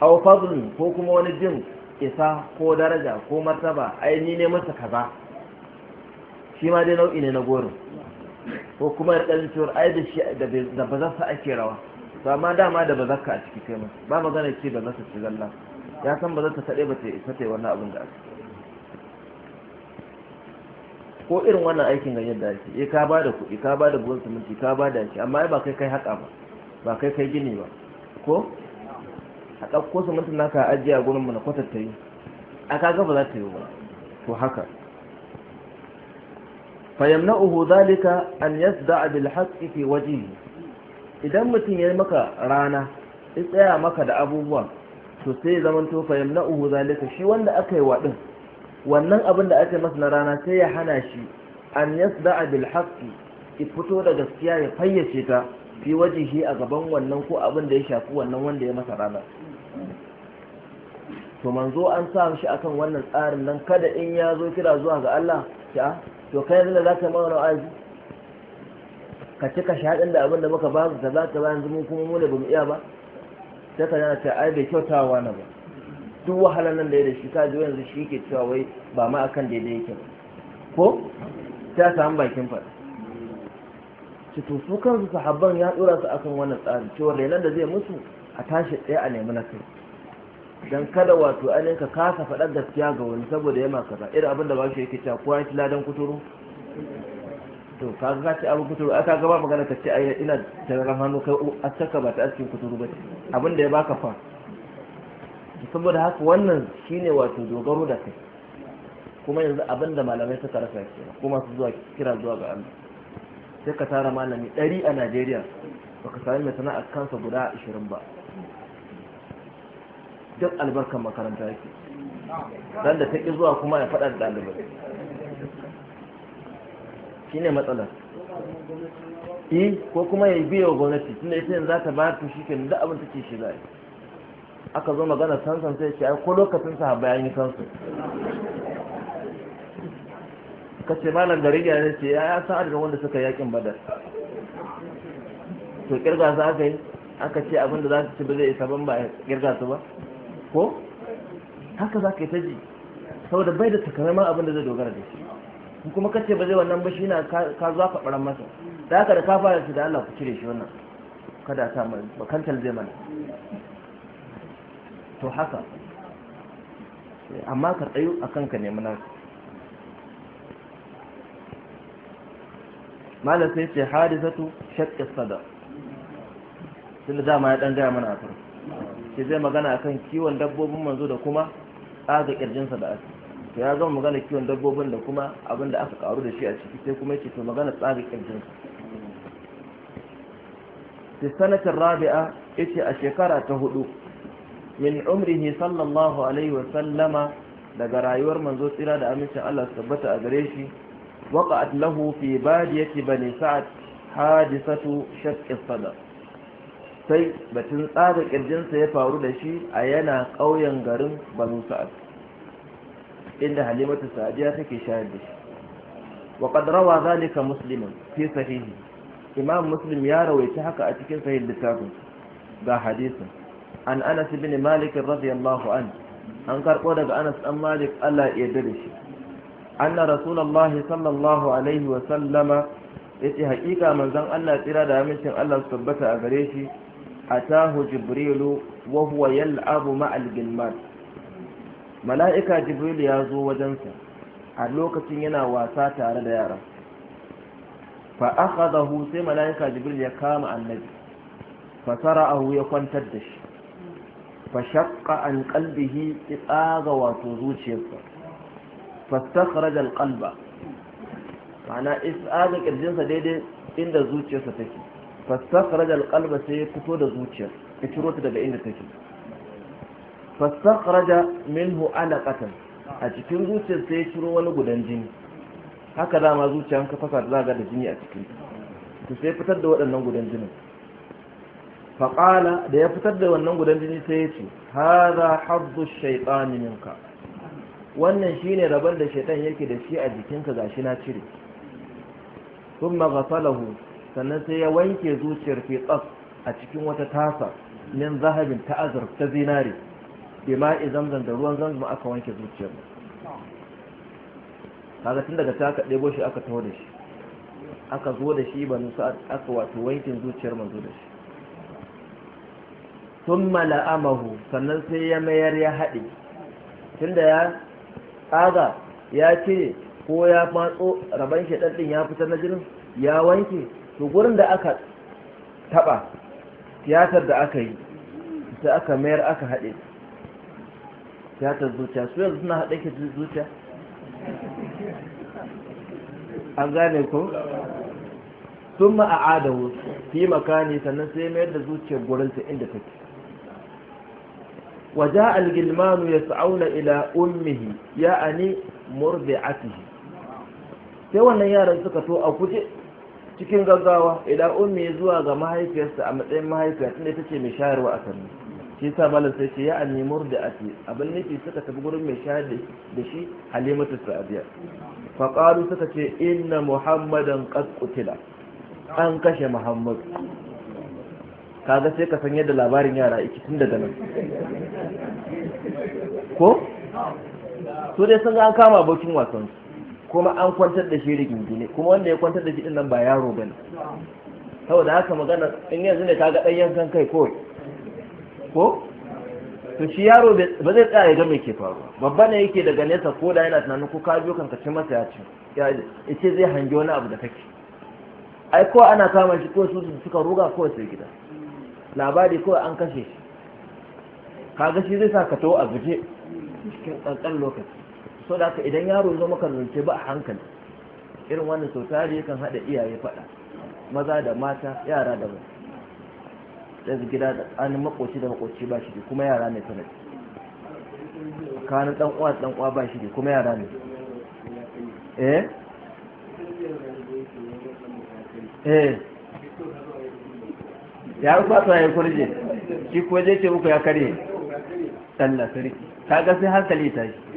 [SPEAKER 1] aw fadlun ko kuma wani jin isa ko daraja ko martaba ai ni ne masa kaza shi ma dai nau'i ne na gorin ko kuma ya ɗan cewar ai da shi da ba zasa ake rawa to amma dama da ba zaka a ciki kai ba magana ce ba zasa ci zalla ya san ba zata kaɗai ba ta isa ta yi wannan abin da ake ko irin wannan aikin ga yadda ake eh ka bada kuɗi ka bada buwan siminti ka bada shi amma ai ba kai kai haƙa ba ba kai kai gini ba ko a ɗauko su mutum naka ajiye a gurin mana ta yi a kaga ba za ta yi ba to haka uhu zalika an da bil haqqi fi wajhihi idan mutum ya maka rana ya tsaya maka da abubuwa to sai ya zama to fayyamna'uhu zalika shi wanda aka yi waɗin wannan abin da aka masa na rana sai ya hana shi an da bil haqqi ki fito da gaskiya ya fayyace ta fi shi a gaban wannan ko abin da ya shafi wannan wanda ya masa rana to manzo an sa shi akan wannan tsarin nan kada in ya zo kira zuwa ga Allah ya to kai yanzu da za ka magana aji ka cika shaɗin da abin da muka ba ka za ka bayan zumun kuma mu da bamu iya ba sai ka yana ta ai bai kyautawa na ba duk wahalar nan da ya da shi ka ji yanzu shi ke cewa wai ba ma akan daidai yake ba. ko ta samu bakin faɗa to su kansu sahabban ya tsura su akan wannan tsarin cewa renan da zai mutu a tashi ɗaya a nemi na kai dan kada wato ainihin ka kasa faɗar gaskiya ga wani saboda ya kaza irin abin da ba shi yake cewa ya shi ladan kuturu to kaga ka ci abin kuturu aka gaba magana ka ce ai ina tararan hannu kai oh, a saka ba ta askin kuturu ba abin da ya baka fa saboda haka wannan shine wato dogaro da kai kuma yanzu abin da malamai suka rasa ke kuma su zuwa kira zuwa ga Allah sai ka tara malami 100 a Najeriya baka sami mai sana'a kansa guda ashirin ba duk albarkar makaranta yake
[SPEAKER 3] dan da ta ƙi zuwa kuma ya faɗa da Shi ne matsalar yi
[SPEAKER 1] e, ko kuma ya biya wa gwamnati tunda ita yanzu za ta bayar ta shi ke duk abin take shi za aka zo magana sansan sai ce ko lokacin sa bayan yi kansu ka ce malam gari ya ne ce ya san adadin wanda suka yakin badar to kirga su aka yi aka ce abin da za su ci ba zai isa ban ba kirga su ba ko haka za ka yi ta ji saboda bai da takamaiman abin da zai dogara da shi in kuma kace ba zai wannan ba shi na ka zuwa ka masa da haka da ka fara shi da Allah ku cire shi wannan kada ta sa mai bakantar zai mana to haka amma ka tsayu a kanka ne muna malar sai ce hadisatu shakka sada tun da dama ya ɗan gaya mana a farko ce zai magana akan kiwon dabbobin manzo da kuma tsaga kirjinsa da aka to ya zama magana kiwon dabbobin da kuma abin da aka karu da shi a ciki sai kuma yake to magana tsaga kirjinsa fi sanatin rabi'a yace a shekara ta hudu min umrihi sallallahu alaihi wa sallama daga rayuwar manzo tsira da amincin Allah su tabbata a gare shi waqa'at lahu fi badiyati bani sa'ad hadisatu shaqqi sadr sai batun tsada kirjinsa ya faru da shi a yana ƙauyen garin banu sa'ad inda halimatu sa'adiya take shayar da shi wa qad rawa zalika muslimun fi sahihi imam muslim ya rawaita haka a cikin sahih littafin ga hadisin an anas ibn malik radiyallahu an an karɓo daga anas dan malik Allah ya yarda da shi anna rasulullahi sallallahu alaihi wa sallama yace haƙiƙa manzon Allah tsira da amincin Allah su tabbata a gare shi atahu jibrilu wa huwa yal'abu ma'al gilmad mala'ika jibrilu ya zo wajensa a lokacin yana wasa tare da yara fa akhadahu sai mala'ika jibril ya kama annabi fa sara'ahu ya kwantar da shi fa shaqqa an qalbihi tsaga wato zuciyarsa fa alqalba ma'ana isaga kirjinsa daidai inda zuciyarsa take فاستخرج القلب sai ya fito da zuciya ya ciro ta daga inda take fastakhraja minhu alaqatan a cikin zuciyar sai ya ciro wani gudan jini haka dama zuciya ka fasa da zaga da jini a cikin to sai fitar da waɗannan gudan jinin faƙala da ya fitar da wannan gudan wannan shine rabar da shaitan yake da shi a jikinka gashi na cire kuma gafalahu sannan sai ya wanke zuciyar fi tsaf a cikin wata tasa min zahabin ta azur ta zinari bima'i zamzam da ruwan zamzam aka wanke zuciyar kaga tun daga ta ɗebo shi aka tawo da shi aka zo da shi banu sa aka wato wankin zuciyar manzo da shi thumma la'amahu sannan sai ya mayar ya hade tunda ya tsaga ya ce ko ya matso raban shaɗaɗin ya fitar na jinin ya wanke to gurin da aka taba tiyatar da aka yi ta aka mayar aka haɗe tiyatar zuciya su yanzu suna haɗe ke zuciya an gane ko sun ma'a'ada wasu fi makani sannan sai mayar da zuciyar gurinta inda take waje algilmanu ya sa'auna ila ummihi ya'ani murbe atihi. sai wannan yaran suka to a guje cikin gaggawa idan ummi zuwa ga mahaifiyarsa a matsayin mahaifiya tunda ita ce mai shayarwa a sannan shi sa malam sai ce ya nemur da ake abin nufi suka tafi gurin mai shayar da shi halimatu sa'adiyar faƙaru suka ce inna muhammadan ƙasƙutila, an kashe muhammad kaga sai ka san yadda labarin yara iki tun daga nan ko su dai sun ga an kama abokin wasan kuma an kwantar da shi rigingine kuma wanda ya kwantar da shi din nan ba yaro bane saboda haka magana in yanzu ne kaga dan yankan kai ko ko to shi yaro ba zai tsaya ya ga me ke faruwa babba ne yake daga nesa ko da yana tunanin ko ka biyo kanka ce masa ya ce, ya ce zai hange wani abu da kake ai ko ana kama shi ko su suka ruga ko sai gida labari ko an kashe shi kaga shi zai sa ka to a guje cikin kankan lokaci so da haka idan yaro zo maka zance ba a hankali irin wannan sau tare yakan haɗa iyaye faɗa maza da mata yara da mai su gida da tsanin makoci da makoci ba shi kuma yara ne sanadi kanin ɗan uwa ɗan uwa ba shi kuma yara ne eh eh ya rufa su ya kurje shi kuwa je ce muku ya kare sallah sarki gasi sai hankali ta shi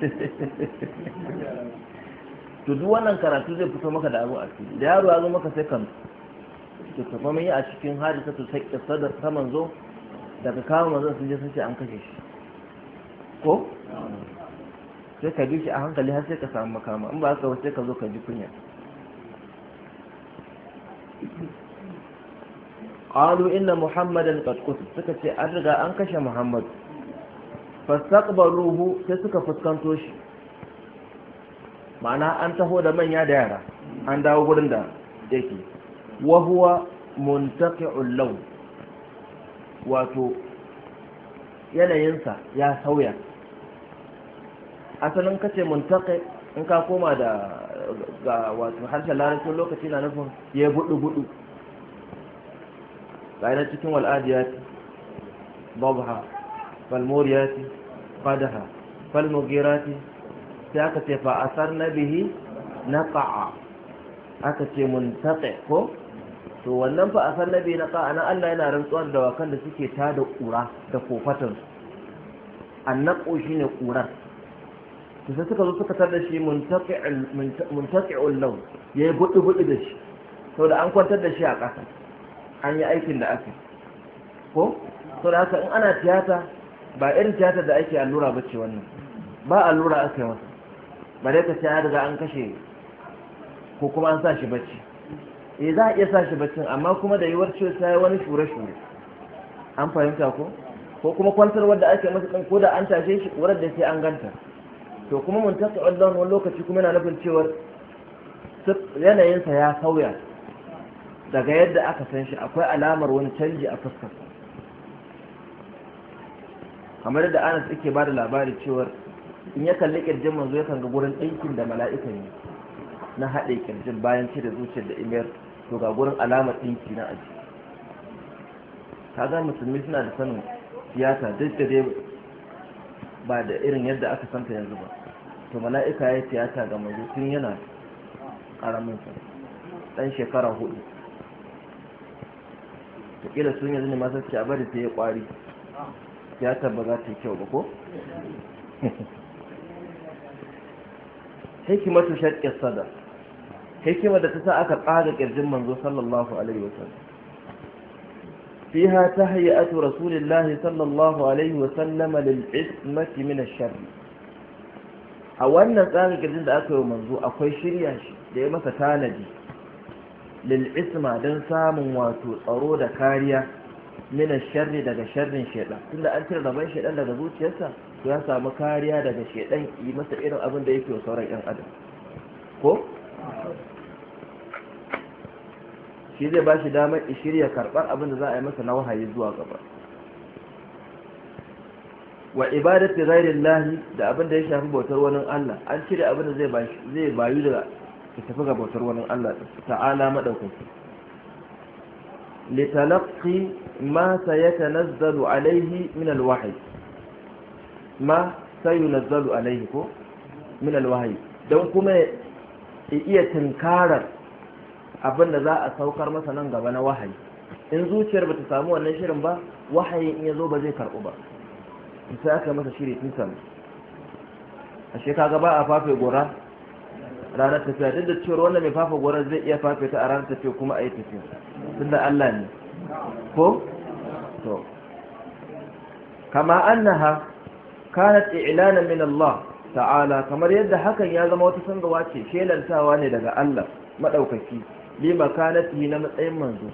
[SPEAKER 1] to duk wannan karatu zai fito maka da abu a ciki da yaro ya zo maka sai kan ki tafa mai a cikin hali to sai ki sadar ta manzo daga kawo manzo sun je sun ce an kashe shi ko sai ka bi shi a hankali har sai ka samu makama in ba haka ba sai ka zo ka ji kunya قالوا إن محمدا قد قتل suka ce an riga an kashe Muhammadu fastaqbaluhu sai suka fuskanto shi ma'ana an taho da manya da yara an dawo gurin da yake wa huwa muntaqi'ul law wato yanayinsa ya sauya asalin kace muntaqi in ka koma da ga wato harshen larabcin lokaci na nufin ya gudu gudu ga cikin wal'adiyat babu ha falmoriyati fadaha falmogirati sai aka ce fa'asar na bihi na ƙa'a aka ce mun ko to wannan fa'asar na bihi na ƙa'a na allah yana rantsuwar da wakan da suke ta da da kofatansu an naƙo ne ƙurar sai suka zo suka tar da shi muntaƙi'ul lau ya yi buɗi-buɗi da shi sau da an kwantar da shi a ƙasa an yi aikin da aka ko sau da haka in ana tiyata ba irin tiyatar da ake allura ba ce wannan ba allura aka yi masa ba dai ka ce ya daga an kashe ko kuma an sa shi bacci eh za a iya sa shi baccin amma kuma da yiwuwar cewa sai wani shure-shure an fahimta ko ko kuma kwantar wadda ake masa kan ko da an tashe shi wurin da sai an ganta to kuma mun tasa wannan wani lokaci kuma yana nufin cewa yanayinsa ya sauya daga yadda aka san shi akwai alamar wani canji a fuskarsa kamar da anas yake ba da labari cewa in ya kalli kirjin manzo yakan ga gurin ɗinkin da mala'ika ne na haɗe kirjin bayan cire zuciyar da imiyar to ga gurin alamar ɗinki na aji kaga musulmi suna da sanin siyasa duk da dai ba da irin yadda aka santa yanzu ba to mala'ika ya yi siyasa ga manzo tun yana ƙaramin sa ɗan shekara hudu ta ƙila sun yanzu ne masu a bari sai ya kwari. ya ba za ta yi kyau ba ko hikimatu shaqqis sada hikimar da ta sa aka tsaga kirjin manzo sallallahu alaihi wasallam فيها تهيئة رسول sallallahu alaihi wasallam عليه وسلم mafi من الشر a wannan tsarin kirjin da aka yi manzo akwai shirya shi da ya masa tanadi lil'isma don samun wato tsaro da kariya mina sharri daga sharrin shaidan tunda an cire rabon shaidan daga zuciyarsa to ya samu kariya daga shaidan yi masa irin abin da yake wa sauran yan adam ko shi zai ba shi damar shirya karbar abin da za a yi masa na wahayi zuwa gaba wa ibadati ghairillahi da abin da ya shafi bautar wani Allah an cire abin da zai bayu da tafi ga bautar wani Allah ta'ala madaukaki litalaqi ma sayatanazzalu alaihi min alwahyi ma sayunazzalu alaihi ko min don kuma ya iya tunkarar abin da za a saukar masa nan gaba na wahayi in zuciyar bata samu wannan shirin ba wahayin in ya zo ba zai karɓu ba sai aka masa shiri tun sami a shekara ba a fafe gora ranar tafiya duk da cewar wanda mai fafa gwarar zai iya fafe ta a ranar tafiya kuma a yi tafiya tun da Allah ne ko? to kama annaha kanat i'lana min Allah ta'ala kamar yadda hakan ya zama wata sangawa ce shelantawa ne daga Allah madaukaki li makanatihi na matsayin manzo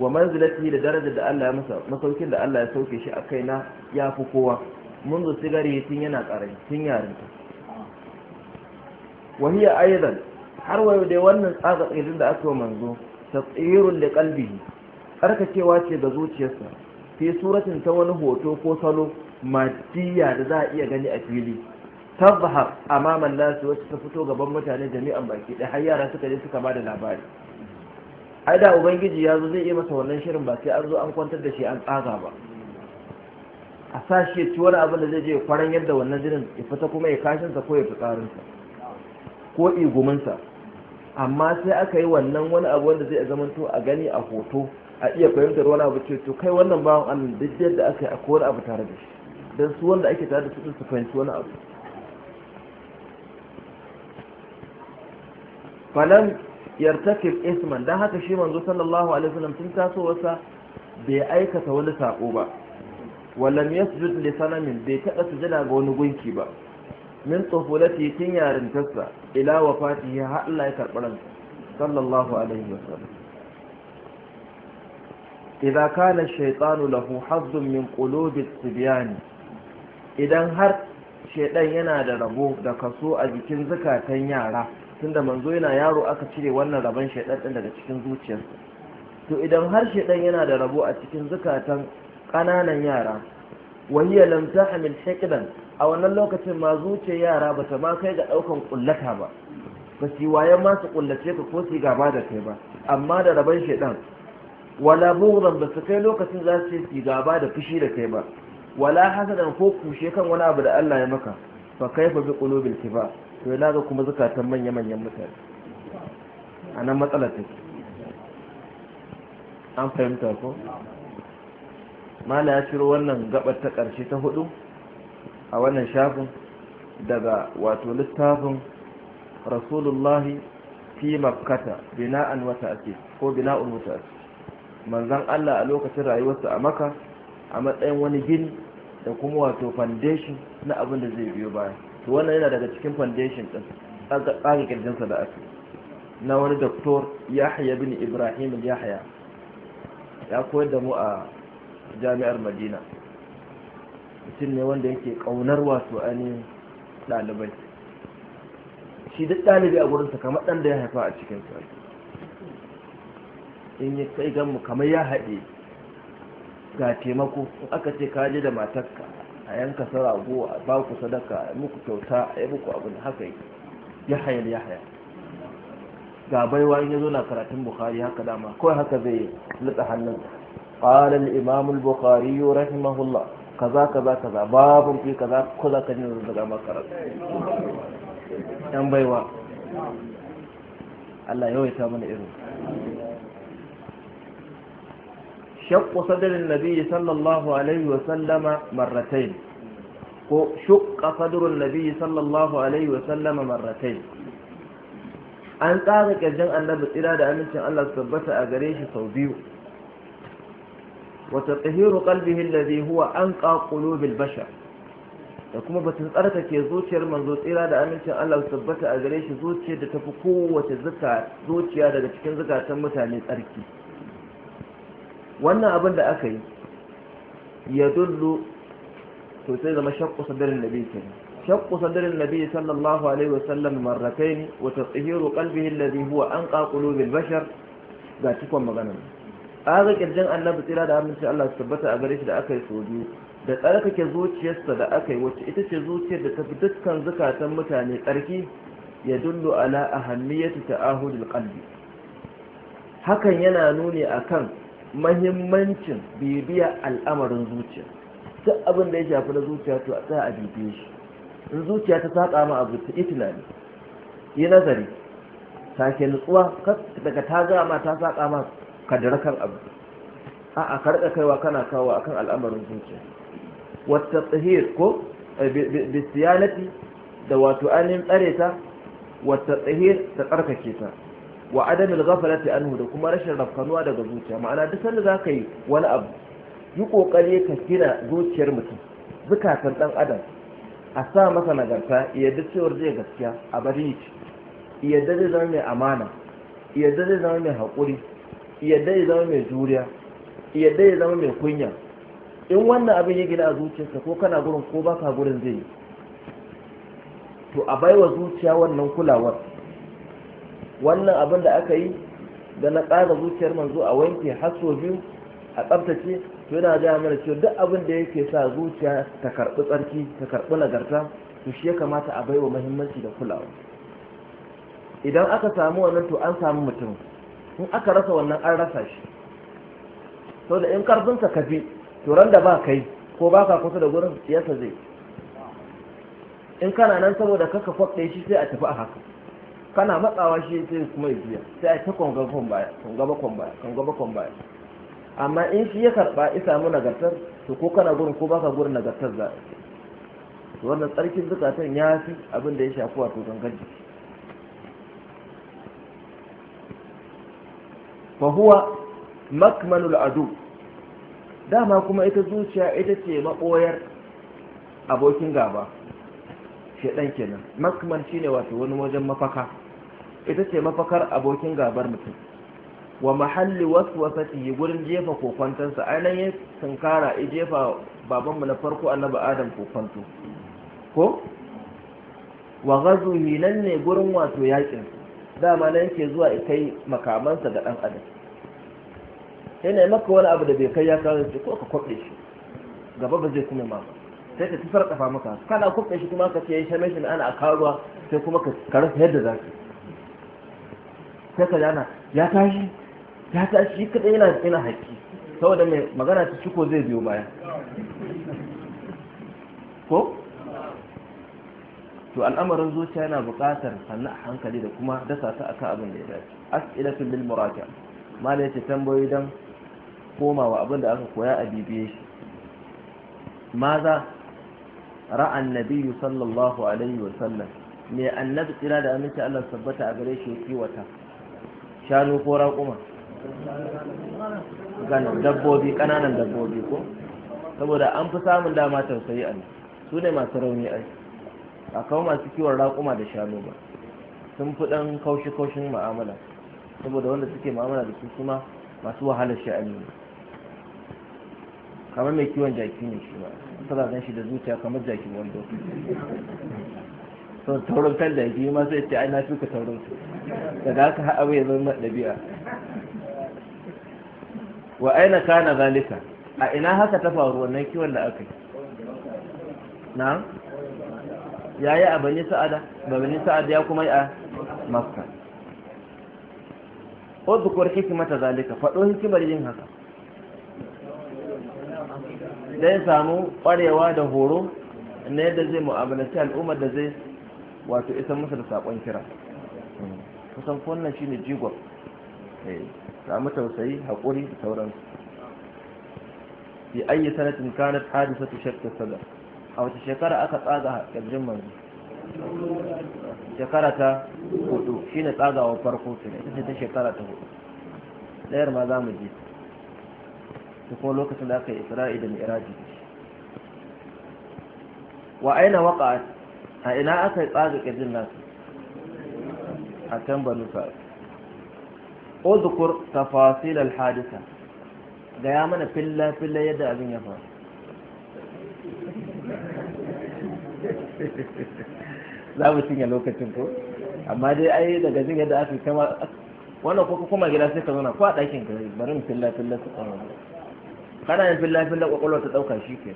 [SPEAKER 1] wa manzilati da darajar da Allah ya masa masaukin da Allah ya sauke shi a kaina ya fi kowa zo sigari tun yana ƙarami tun yarinta wahiya aidan har wayo dai wannan tsaga tsirin da aka manzo tasirun da kalbi tsarkakewa ce ga zuciyarsa fi suratin ta wani hoto ko salo matiya da za a iya gani a fili tabbahar amaman nasu wacce ta fito gaban mutane jami'an baki da har yara suka je suka ba da labari ai da ubangiji ya zo zai yi masa wannan shirin ba sai an zo an kwantar da shi an tsaga ba a shi ya ci wani abin da zai je kwaran yadda wannan jinin ya fita kuma ya kashinsa ko ya fi tsarinsa ko iguminsa amma sai aka yi wannan wani abu wanda zai zamanto a gani a hoto a iya fahimtar wani abu ce to kai wannan bawan allah duk yadda aka yi a kowane abu tare da shi don su wanda ake tare da su su fahimci wani abu falam yartakib isman dan haka shi manzo sallallahu alaihi wasallam tun wasa bai aikata wani sako ba wallan yasjud li sanamin bai taɓa sujada ga wani gunki ba min tsofulati tun yarintarsa ila fati ya haɗla ya karɓi ransa sallallahu alaihi wasallam idza kana shaytanu lahu hazzun min qulubi tibyani idan har shaydan yana da rabo da kaso a jikin zukatan yara tunda manzo yana yaro aka cire wannan rabon shaydan din daga cikin zuciyarsa to idan har shaydan yana da rabo a cikin zukatan ƙananan yara wa hiya lam tahmil a wannan lokacin ma zuce yara ba ta ma kai ga ɗaukan kullata ba ba su waye ma su kullace ka ko su gaba da kai ba amma da rabon shaidan wala bughdan ba su kai lokacin za su yi gaba da fushi da kai ba wala hasadan ko kushe kan wani abu da Allah ya maka fa kaifa bi qulubil kibar to yana ga kuma zakatan manya manyan mutane anan matsalar take an fahimta ko mala ya ciro wannan gabar ta karshe ta hudu a wannan shafin daga wato littafin rasulullahi fi makkata bina'an wata ake ko bina'un wata ake manzan Allah a lokacin rayuwarsa a maka a matsayin wani gini da kuma wato foundation na abin da zai biyo baya to wannan yana daga cikin foundation din tsaga kirjinsa da ake na wani doktor yahya bin ibrahim yahya ya koyar da mu a jami'ar madina mutum ne wanda yake kaunar wato ainihin dalibai. shi duk dalibi a gurinsa kamar ɗan da ya haifa a cikin sa in ya kai ganmu kamar ya haɗe ga taimako in aka ce ka da matarka a yanka sarago a ba sadaka a muku kyauta a yi muku abin haka yi ya hayar ya haya. ga baiwa in ya zo na karatun bukhari haka dama kawai haka zai lutsa hannun قال الإمام البخاري رحمه الله kaza kaza kaza babun fi kaza ko za ka ji da daga makaranta yan baiwa Allah yawaita mana irin شق صدر النبي صلى الله عليه وسلم مرتين شق صدر النبي صلى الله عليه وسلم مرتين an tsara kirjin annabi tsira da amincin Allah su tabbata a gare shi sau biyu وتطهير قلبه الذي هو أنقى قلوب البشر da kuma batun tsarkake zuciyar manzo tsira da amincin Allah su tabbata a gare shi zuciyar da tafi kowace zuciya daga cikin zukatan mutane tsarki wannan abin da aka yi ya dullu to sai zama shakku sadarin nabi kenan shakku sadarin nabi sallallahu alaihi wasallam marratayn wa tathiru qalbihi alladhi huwa anqa qulubil bashar ga cikon maganar aga kirjin annabi tsira da aminci Allah su tabbata a gare shi da aka yi soju da tsarkake zuciyarsa da aka yi wacce ita ce zuciyar da ta fi dukkan zukatan mutane tsarki ya dullu ala ta ahudul qalbi hakan yana nuni akan mahimmancin bibiya al'amarin zuciya duk abin da ya shafi na zuciya to a tsaya a bibiya shi in zuciya ta saƙa ma abu ta ne yi nazari sake nutsuwa daga ta gama ta saƙa ma kadara kan abu a'a ka karɗa kaiwa kana kawo akan al'amarin zuciya wata tsahir ko eh, bisiyanati da wato ainihin tsare ta wata tsahir ta tsarkake ta wa adamin gafalati anhu da kuma rashin rafkanuwa daga zuciya ma'ana duk sanda za ka yi wani abu yi ƙoƙari ka gina zuciyar mutum zukatan ɗan adam a sa masa nagarta yadda cewar zai gaskiya a bari yadda zai zama mai amana yadda zai zama mai haƙuri yadda ya zama mai juriya yadda ya zama mai kunya in wannan abin ya gina a zuciyarsa ko kana gurin ko baka gurin zai yi to a baiwa zuciya wannan kulawar wannan abin da aka yi da na ƙara zuciyar manzo a wanke hasso biyu a tsabtace to yana gaya mana cewa duk abin da yake sa zuciya ta karɓi tsarki ta karɓi nagarta to shi ya kamata a baiwa muhimmanci da kulawa idan aka samu wannan to an samu mutum in aka rasa wannan an rasa shi to da in karfinsa ka fi turan da ba kai ko ba ka kusa da gurin siyasa zai in kana nan saboda kaka kwakɗe shi sai a tafi a haka kana matsawa shi sai kuma ya biya sai a ta kwangaba baya baya amma in shi ya karɓa ya samu nagartar to ko kana gurin ko baka gurin nagartar za a wannan tsarkin zukatan ya fi abin da ya shafi wato gangan jiki fa huwa makmanul adu dama kuma ita zuciya ita ce maɓoyar abokin gaba shaɗan kenan makman shine wato wani wajen mafaka ita ce mafakar abokin gabar mutum wa mahalli wasu wasati gurin jefa kokwantansa ainihin tunkara i jefa babanmu na farko annabi adam kokwanto ko wa gazu nan ne gurin wato yakin dama nan yake zuwa kai makamansa ga dan adam sai na maka wani abu da bai kai ya kawo shi ko ka kwaɓe shi gaba ba zai kuma maka sai ka tufar kafa maka kana kwaɓe shi kuma ka ce ya shame shi ana a karuwa sai kuma ka rasa yadda za ki sai ka jana ya tashi ya tashi kaɗai yana yana haƙƙi saboda mai magana ta ciko zai biyo baya ko to al'amarin zuciya yana buƙatar sannan a hankali da kuma dasa ta akan abin da ya dace as'ilatu lil muraja mala yace tambayoyi dan koma wa abin da aka koya a bibiye shi maza ra'an nabiyu sallallahu alaihi wasallam sallam me annabi tsira da aminci Allah sabbata a gare shi ya wata. shanu ko raƙuma
[SPEAKER 3] ganin dabbobi ƙananan dabbobi
[SPEAKER 1] ko saboda an fi samun dama tausayi a su ne masu rauni a a kawo masu kiwon raƙuma da shanu ba sun fi ɗan kaushi-kaushin ma'amala saboda wanda suke ma'amala da su kuma masu wahalar sha'ani kamar mai kiwon jaki ne shi ba tsara zan shi da zuciya kamar jaki wando so taurin kan jaki ma sai ce aina na fi ka taurin daga aka har abu ya zama ɗabi'a wa aina kana zalika a ina haka ta faru wannan kiwon da aka yi
[SPEAKER 2] na yayi
[SPEAKER 1] a bani sa'ada ba sa'ada ya kuma yi a makka uzukur hikimata zalika faɗo hikimar yin haka zai samu ƙwarewa da horo na yadda zai mu'amalci al'ummar da zai wato isa masa da saƙon kira kusan wannan ne jigon eh, samu tausayi haƙuri da sauransu fi ayi sanatin kanat hadisatu ta sadar a wata shekara aka tsaga ƙirjin shekara ta hudu shine tsagawar farko tuna ita ce ta shekara ta hudu ɗayar ma za mu ji ta kuma lokacin da aka yi isra'i da mi'raji wa aina waka a ina aka yi tsaga kirjin nasu a can banu sa'ad udhkur tafasil al-hadisa gaya mana filla filla yadda abin ya faru [laughs] za mu cinye lokacin ko amma dai ai daga jin yadda aka kama wannan ko kuma gida sai ka zauna ko a ɗakin ka bari mu filla filla su tsaro kana yin filla filla kwakwalwa ta ɗauka shi ke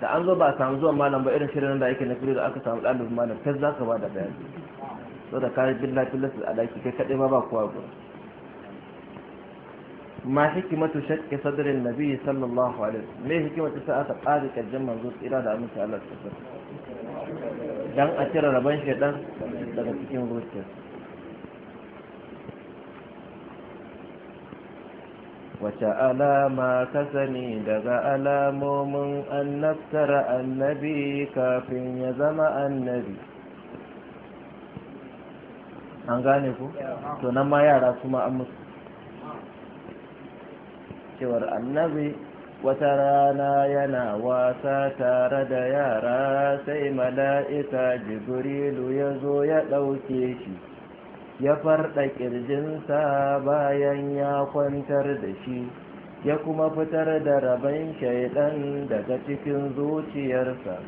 [SPEAKER 1] da an zo ba a samu zuwa malam ba irin shirin da ake na fili da aka samu ɗalibin malam kai za ka ba da bayani so da kayan filla filla su a ɗaki kai kaɗai ma ba kowa ba. ma hikimatu shakki sadrin nabi sallallahu alaihi wasallam me hikimatu sa'a ta ƙari ƙarshen manzo tsira da amince Allah ta dan a cire rabon shaidan daga cikin zuciya wace alama ka sani daga alamomin annabtar annabi kafin ya zama annabi an gane ku to nan ma yara kuma an musu cewar annabi wata rana yana wasa tare da yara sai mala'ika jibrilu ya zo ya ɗauke shi ya farɗa ƙirjinsa bayan ya kwantar da shi ya kuma fitar da rabon shaidan daga cikin zuciyarsa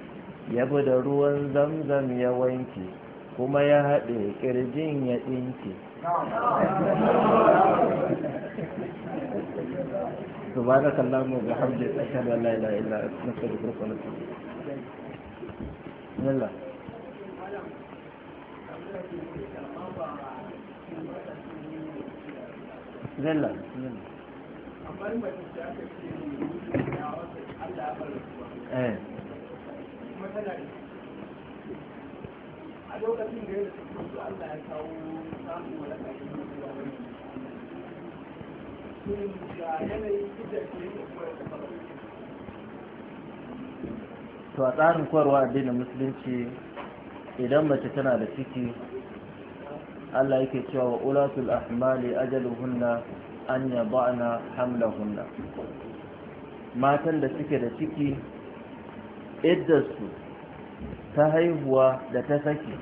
[SPEAKER 1] ya bi da ruwan zamzam ya wanke kuma ya haɗe ƙirjin ya ɗinke
[SPEAKER 3] [laughs]
[SPEAKER 1] سبحانك اللهم وبحمدك أشهد أن لا إله إلا أنت نستغفرك ونتوب إليك يلا Zalla. A
[SPEAKER 3] lokacin da ya Allah ya kawo samun
[SPEAKER 1] to a tsarin koyarwa addinin musulunci idan mace tana da ciki Allah yake cewa wa ulatul ahmali ajaluhunna an yaba'na hamlahunna matan da suke da ciki iddarsu ta haihuwa da ta saki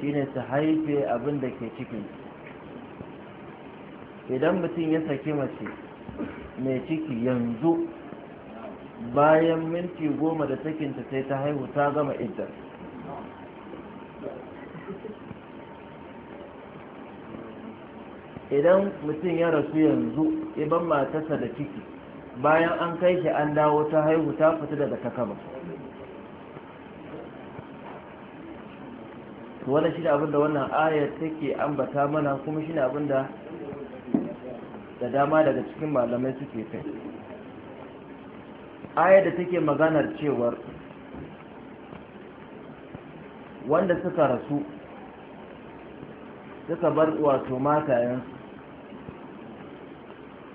[SPEAKER 1] shine ta haife abin da ke cikin idan mutum ya saki mace mai ciki yanzu bayan minti goma da sakinta sai ta haihu ta gama idan idan mutum ya rasu yanzu iban matarsa da ciki bayan an kai shi an dawo ta haihu ta fita daga takama. Wannan shi abinda wannan ayar take ambata mana kuma shi abinda da dama daga cikin malamai suke kai aya da take maganar cewar wanda suka rasu suka bar wato matayen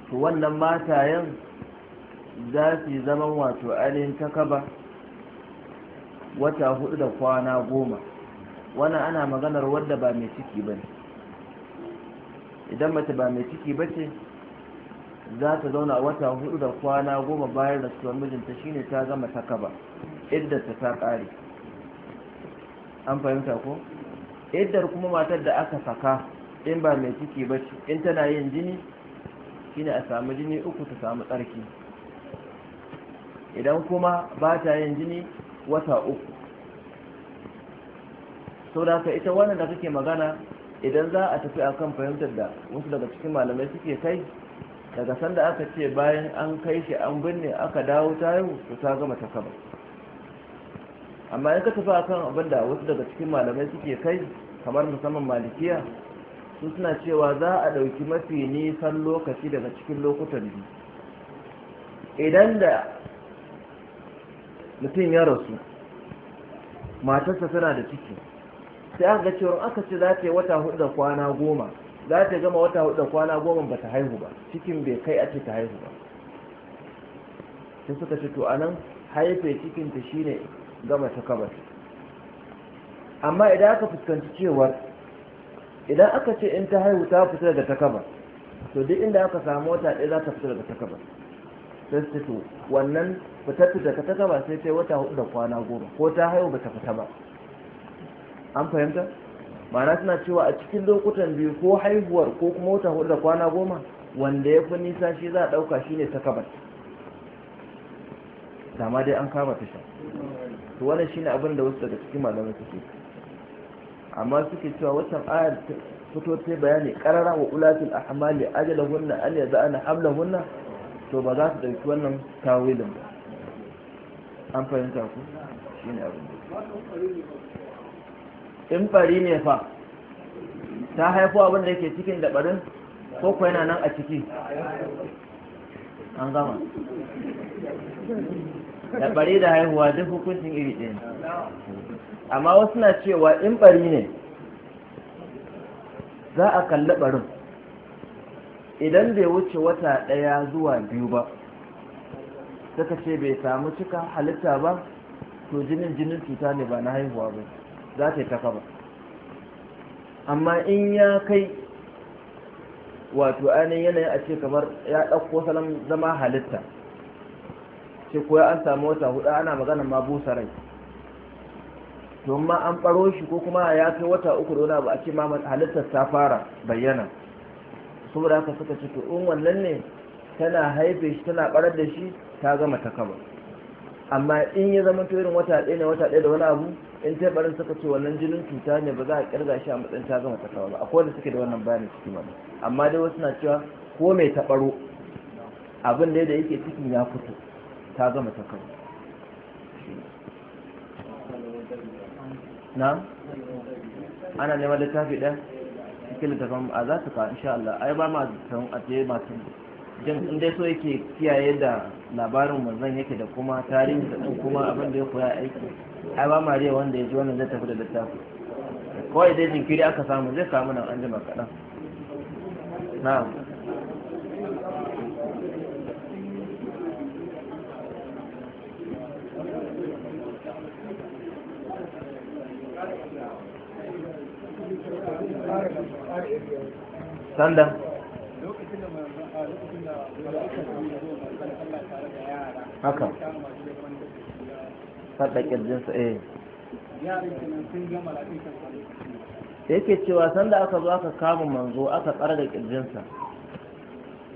[SPEAKER 1] to wannan matayen za su yi zaman wato ainihin takaba wata hudu da kwana goma wannan ana maganar wadda ba mai ciki ba ne idan mace ba mai ciki ba ce za ta zauna a wata hudu da kwana goma bayan rasuwar mijinta shine ta zama ta kaba idda ta ta kare an fahimta ko iddar kuma matar da aka saka in ba mai ciki ba in tana yin jini shine a samu jini uku ta samu tsarki idan kuma ba ta yin jini wata uku sau da ka ita wannan da kake magana idan za a tafi a kan fahimtar da wasu daga cikin malamai suke kai daga sanda aka ce bayan an kai shi an binne aka dawo tayo su ta gama ta kaba amma in ka a kan abin da wasu daga cikin malamai suke kai kamar musamman malikiya su suna cewa za a ɗauki mafi nisan lokaci daga cikin lokutan biyu idan da mutum ya rasu matarsa tana da ciki sai aka ga cewa aka ce za ta yi wata hudu da kwana goma za ta gama wata hudu kwana goma ba ta haihu ba cikin bai kai a ce ta haihu ba sai suka ce to anan haife cikinta shine gama ta kabar amma idan aka fuskanci cewar idan aka ce in ta haihu ta fita daga takaba to duk inda aka samu wata ɗaya za ta fita daga takaba sai su to wannan fitar daga takaba sai ta wata hudu da kwana goma ko ta haihu ba ta fita ba an fahimta ma'ana suna cewa a cikin lokutan biyu ko haihuwar ko kuma wata hudu da kwana goma wanda ya fi nisa shi za a ɗauka shi ne ta kabar dama dai an kama tashar to wannan shine abin da wasu daga cikin malamai suke amma suke cewa watan ayar fito ta bayani karara wa ulatul ahmali hunna an hamla hunna to ba za su dauki wannan tawilin ba an fahimta ku ne abin
[SPEAKER 3] da
[SPEAKER 1] in bari ne fa ta haifo abin da yake cikin da barin ko kuwa yana nan a ciki an gama da bari da haihuwa duk hukuncin iri ɗaya amma wasu na cewa in bari ne za a kalli barin idan bai wuce wata ɗaya zuwa biyu ba suka ce bai samu cika halitta ba to jinin jinin cuta ne ba na haihuwa ba za ta yi ta kaba amma in ya kai wato ainihin yanayin a ce kamar ya ɗauko salon zama halitta ce ko an samu wata hudu ana magana ma busa rai to ma an ɓaro shi ko kuma ya fi wata uku da wani ba a ce ma halittar ta fara bayyana da aka suka ce to in wannan ne tana haife shi tana ɓarar da shi ta gama ta amma in ya zama turin wata ɗaya ne wata ɗaya da wani abu in ta barin suka ce wannan jinin cuta ne ba za a kirga shi a matsayin ta gama ta kawo ba akwai da suke da wannan bayanin cikin wani amma dai wasu na cewa ko mai taɓaro abin da yake cikin ya fito ta gama ta kawo
[SPEAKER 3] na ana neman littafi ɗan cikin littafin
[SPEAKER 1] a za su kawo insha Allah ai ba ma a ce masu jin in dai so yake kiyaye da labarin manzon yake da kuma tarihi da kuma abin da ya koya aiki ai ba mariya wanda ya ji wannan zai tafi da littafi kawai dai jinkiri aka samu zai samu nan an jima kaɗan Na.
[SPEAKER 3] sanda haka faɗa ƙirjinsa
[SPEAKER 1] eh yake cewa sanda aka zo aka kama manzo aka tsara da ƙirjinsa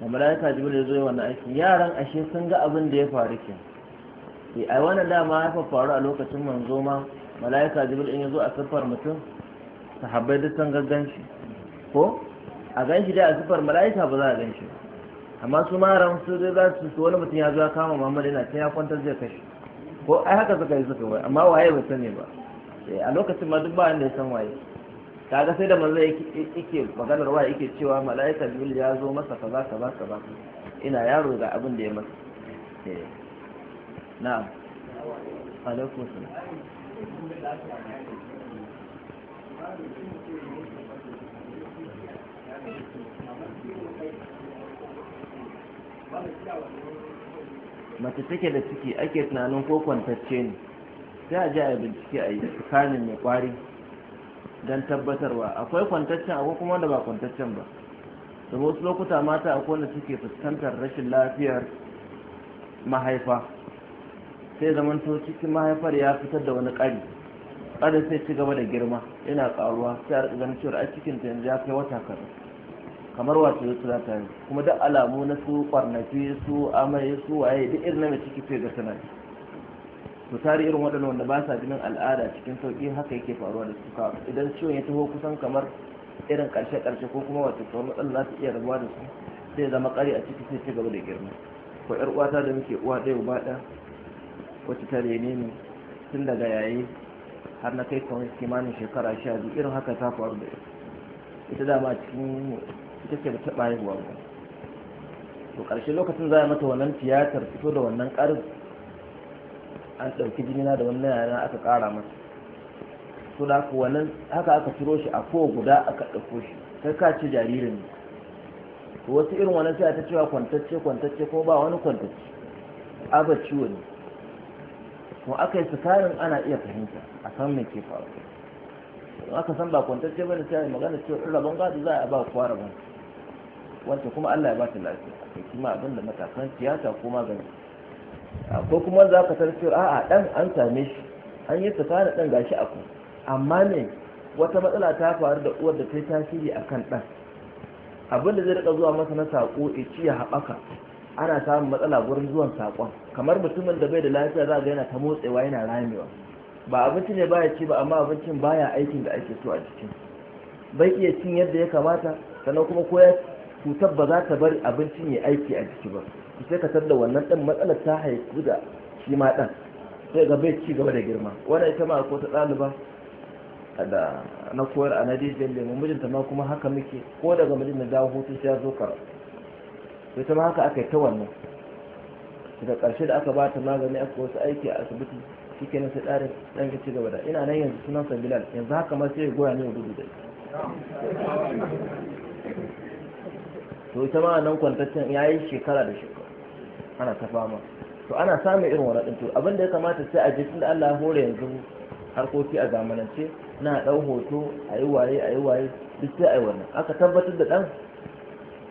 [SPEAKER 1] da mala'ika jibril ya zo yi wannan aiki yaran ashe sun ga abin da ya faru ke ke eh, ai wannan dama ya faru a lokacin manzo ma mala'ika jibril in ya zo a siffar mutum sahabbai duk sun gaggan shi ko a gan shi dai a siffar mala'ika ba za a gan shi amma su ma ran su dai za su wani mutum ya zo ya kama muhammad yana ta ya kwantar zai kashe ko ai haka suka yi suka bai amma waye bai sani ba eh, a lokacin ma duk ba wanda ya san waye kaga sai da manzo yake maganar waye yake cewa mala'ika jibril ya zo masa kaza kaza kaza ina yaro ga abin da ya masa eh, na'am alaikum salam Thank you. mace take da ciki ake tunanin ko kwantacce ne sai a ji a bincike a yi tsakanin mai kwari don tabbatarwa akwai kwantaccen akwai kuma wanda ba kwantaccen ba da wasu lokuta mata akwai wanda suke fuskantar rashin lafiyar mahaifa sai zaman to cikin mahaifar ya fitar da wani ƙari ƙari sai ci gaba da girma yana ƙaruwa sai a ganin a cikin ta yanzu ya kai wata kaza kamar wace wasu za ta kuma duk alamu na su kwarnafi su amai su waye duk irin na ciki sai ga tana su tare irin waɗannan wanda ba sa jinin al'ada cikin sauƙi haka yake faruwa da suka idan ciwon ya taho kusan kamar irin ƙarshe ƙarshe ko kuma wace tsawon matsala za ta iya rabuwa da su sai zama ƙari a ciki sai ci gaba da girma ko ƴar uwata da muke uwa ɗaya uba ɗaya wacce ta rene ne tun daga yayi har na kai kamar kimanin shekara sha biyu irin haka ta faru da ita dama cikin ita ce bata bayarwa ba to ƙarshe lokacin za a mata wannan tiyatar fito da wannan ƙarin an ɗauki jinina da wannan yana aka ƙara masa to da haka wannan haka aka ciro shi a kowa guda aka ɗauko shi kai ka ce jaririn ne to wasu irin wannan sai ta cewa kwantacce kwantacce ko ba wani kwantacce aba ciwo ne kuma aka yi sukarin ana iya fahimta a san me ke faru in aka san ba kwantacce bane sai a magana cewa irin rabon gadi za a ba kuwa rabon wanda kuma Allah ya ba ta lafiya akwai kuma abin da matakan siyasa ko magani ko kuma wanda aka san cewa a'a dan an same shi an yi tsakanin dan gashi aku amma ne wata matsala ta faru da uwar da ta yi tasiri kan ɗan. abin da zai rika zuwa masa na sako ya ci ya haɓaka ana samun matsala gurin zuwan sakon kamar mutumin da bai da lafiya za ga yana ta motsewa yana ramewa ba abinci ne baya ci ba amma abincin baya aikin da ake so a cikin bai iya cin yadda ya kamata sannan kuma ko ya cutar ba za ta bari abincin ya aiki a jiki ba sai ka da wannan ɗan matsalar ta haiku da shi ma ɗan sai ga bai ci gaba da girma wannan ita ma ko ta ɗaliba da na koyar a nadi jelle mu mijinta ma kuma haka muke ko daga mijin na dawo hutu sai ya zo kar sai ta ma haka aka yi ta wannan daga karshe da aka ba ta magani aka wasu aiki a asibiti shi na sai ɗarin ɗan ci gaba da ina nan yanzu sunan sabilal yanzu haka ma sai ya goya ne ya gudu da to ita ma nan kwantaccen ya yi shekara da shekara ana ta fama to ana samun irin wani ɗin to abin da ya kamata sai a je tun da Allah hore yanzu harkoki a zamanance na ɗau hoto a yi waye a yi waye duk sai a yi wannan aka tabbatar da ɗan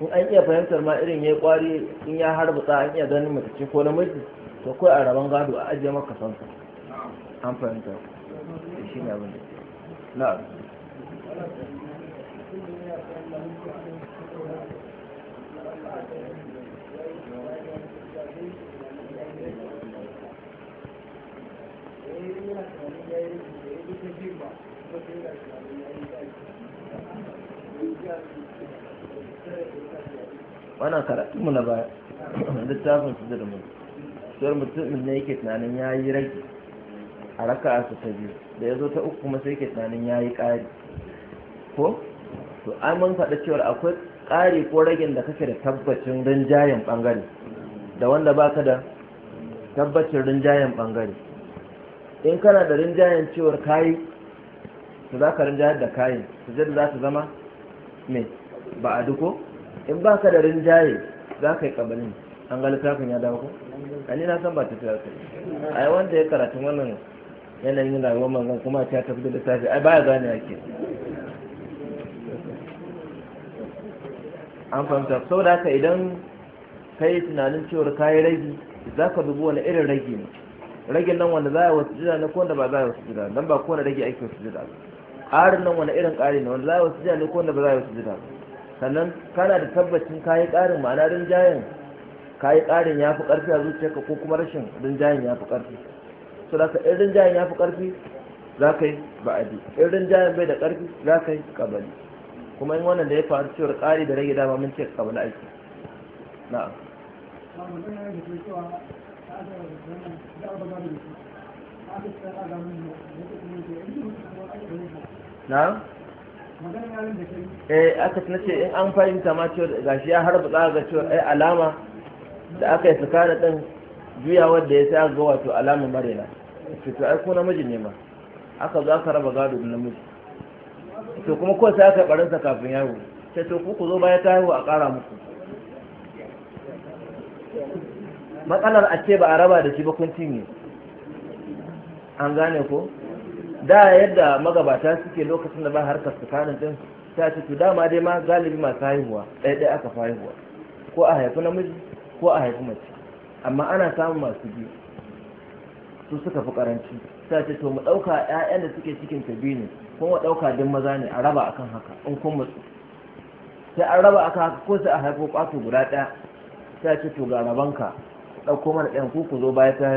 [SPEAKER 1] in an iya fahimtar ma irin ya yi ƙwari in ya harbuta an iya ganin mace ko namiji to kai a rabon gado a ajiye maka sansa an fahimta shi ne abin da na'am
[SPEAKER 3] wannan karatun mu na baya [coughs]
[SPEAKER 1] littafin su da mu sai mutumin ne yake tunanin ya yi rage a raka su ta biyu da ya zo ta uku kuma sai yake tunanin ya yi ƙari ko to an mun faɗa cewar akwai ƙari ko ragin da kake da tabbacin rinjayen ɓangare da wanda baka da tabbacin rinjayen ɓangare in kana da rinjayen cewar kayi su za ka rinjayar da kayan su za ta zama me ba a duko in ba ka da rinjaye za ka yi kabalin an ga littafin ya dawo ko ani na san ba ta tafiya a ai wanda ya karatu wannan yanayin rayuwar manzon kuma ta tafi da littafi ai baya gane yake an fahimta da haka idan ka yi tunanin cewar ka yi ragi za ka dubi wani irin ragi ne ragin nan wanda za a wasu jira ne ko wanda ba za a wasu jira don ba kowane ragi ake wasu jira ƙarin nan wani irin ƙari ne wanda za a wasu jira ne ko wanda ba za a wasu jira ba sannan kana da tabbacin kayi ƙarin ma'ana rinjayen kayi ƙarin ya fi ƙarfi a zuciyarka ko kuma rashin rinjayen ya fi ƙarfi su da ka in rinjayen ya fi ƙarfi za ka yi ba'adi in rinjayen bai da ƙarfi za ka yi ƙabali kuma in wannan da ya faru cewar ƙari da rage dama mun ce ƙabali aiki na'am na'am eh aka ce in an fahimta ma cewa gashi ya harba za ga cewa ai eh, alama da aka yi tsakanin din juya wanda ya sa ga wato alama marina to ai ko namiji ne ma aka zo aka raba gado da namiji to kuma ko sai aka sa kafin yawo sai to ku zo baya ta haihu a kara muku matsalar a ce ba a raba da shi ba kun cinye an gane ko da yadda magabata suke lokacin da ba harkar tsakanin din ta ce to dama dai ma galibi masu haihuwa ɗaya ɗaya aka fi haihuwa ko a haifi namiji ko a haifi mace amma ana samun masu biyu su suka fi karanci ta ce to mu ɗauka ƴaƴan da suke cikin ta biyu ne ko mu ɗauka din maza ne a raba akan haka in kun mutu sai an raba akan haka ko sai a haifo ƙwato guda ɗaya ta ce to ga rabanka ɗauko mana ɗayan ku ku zo baya ta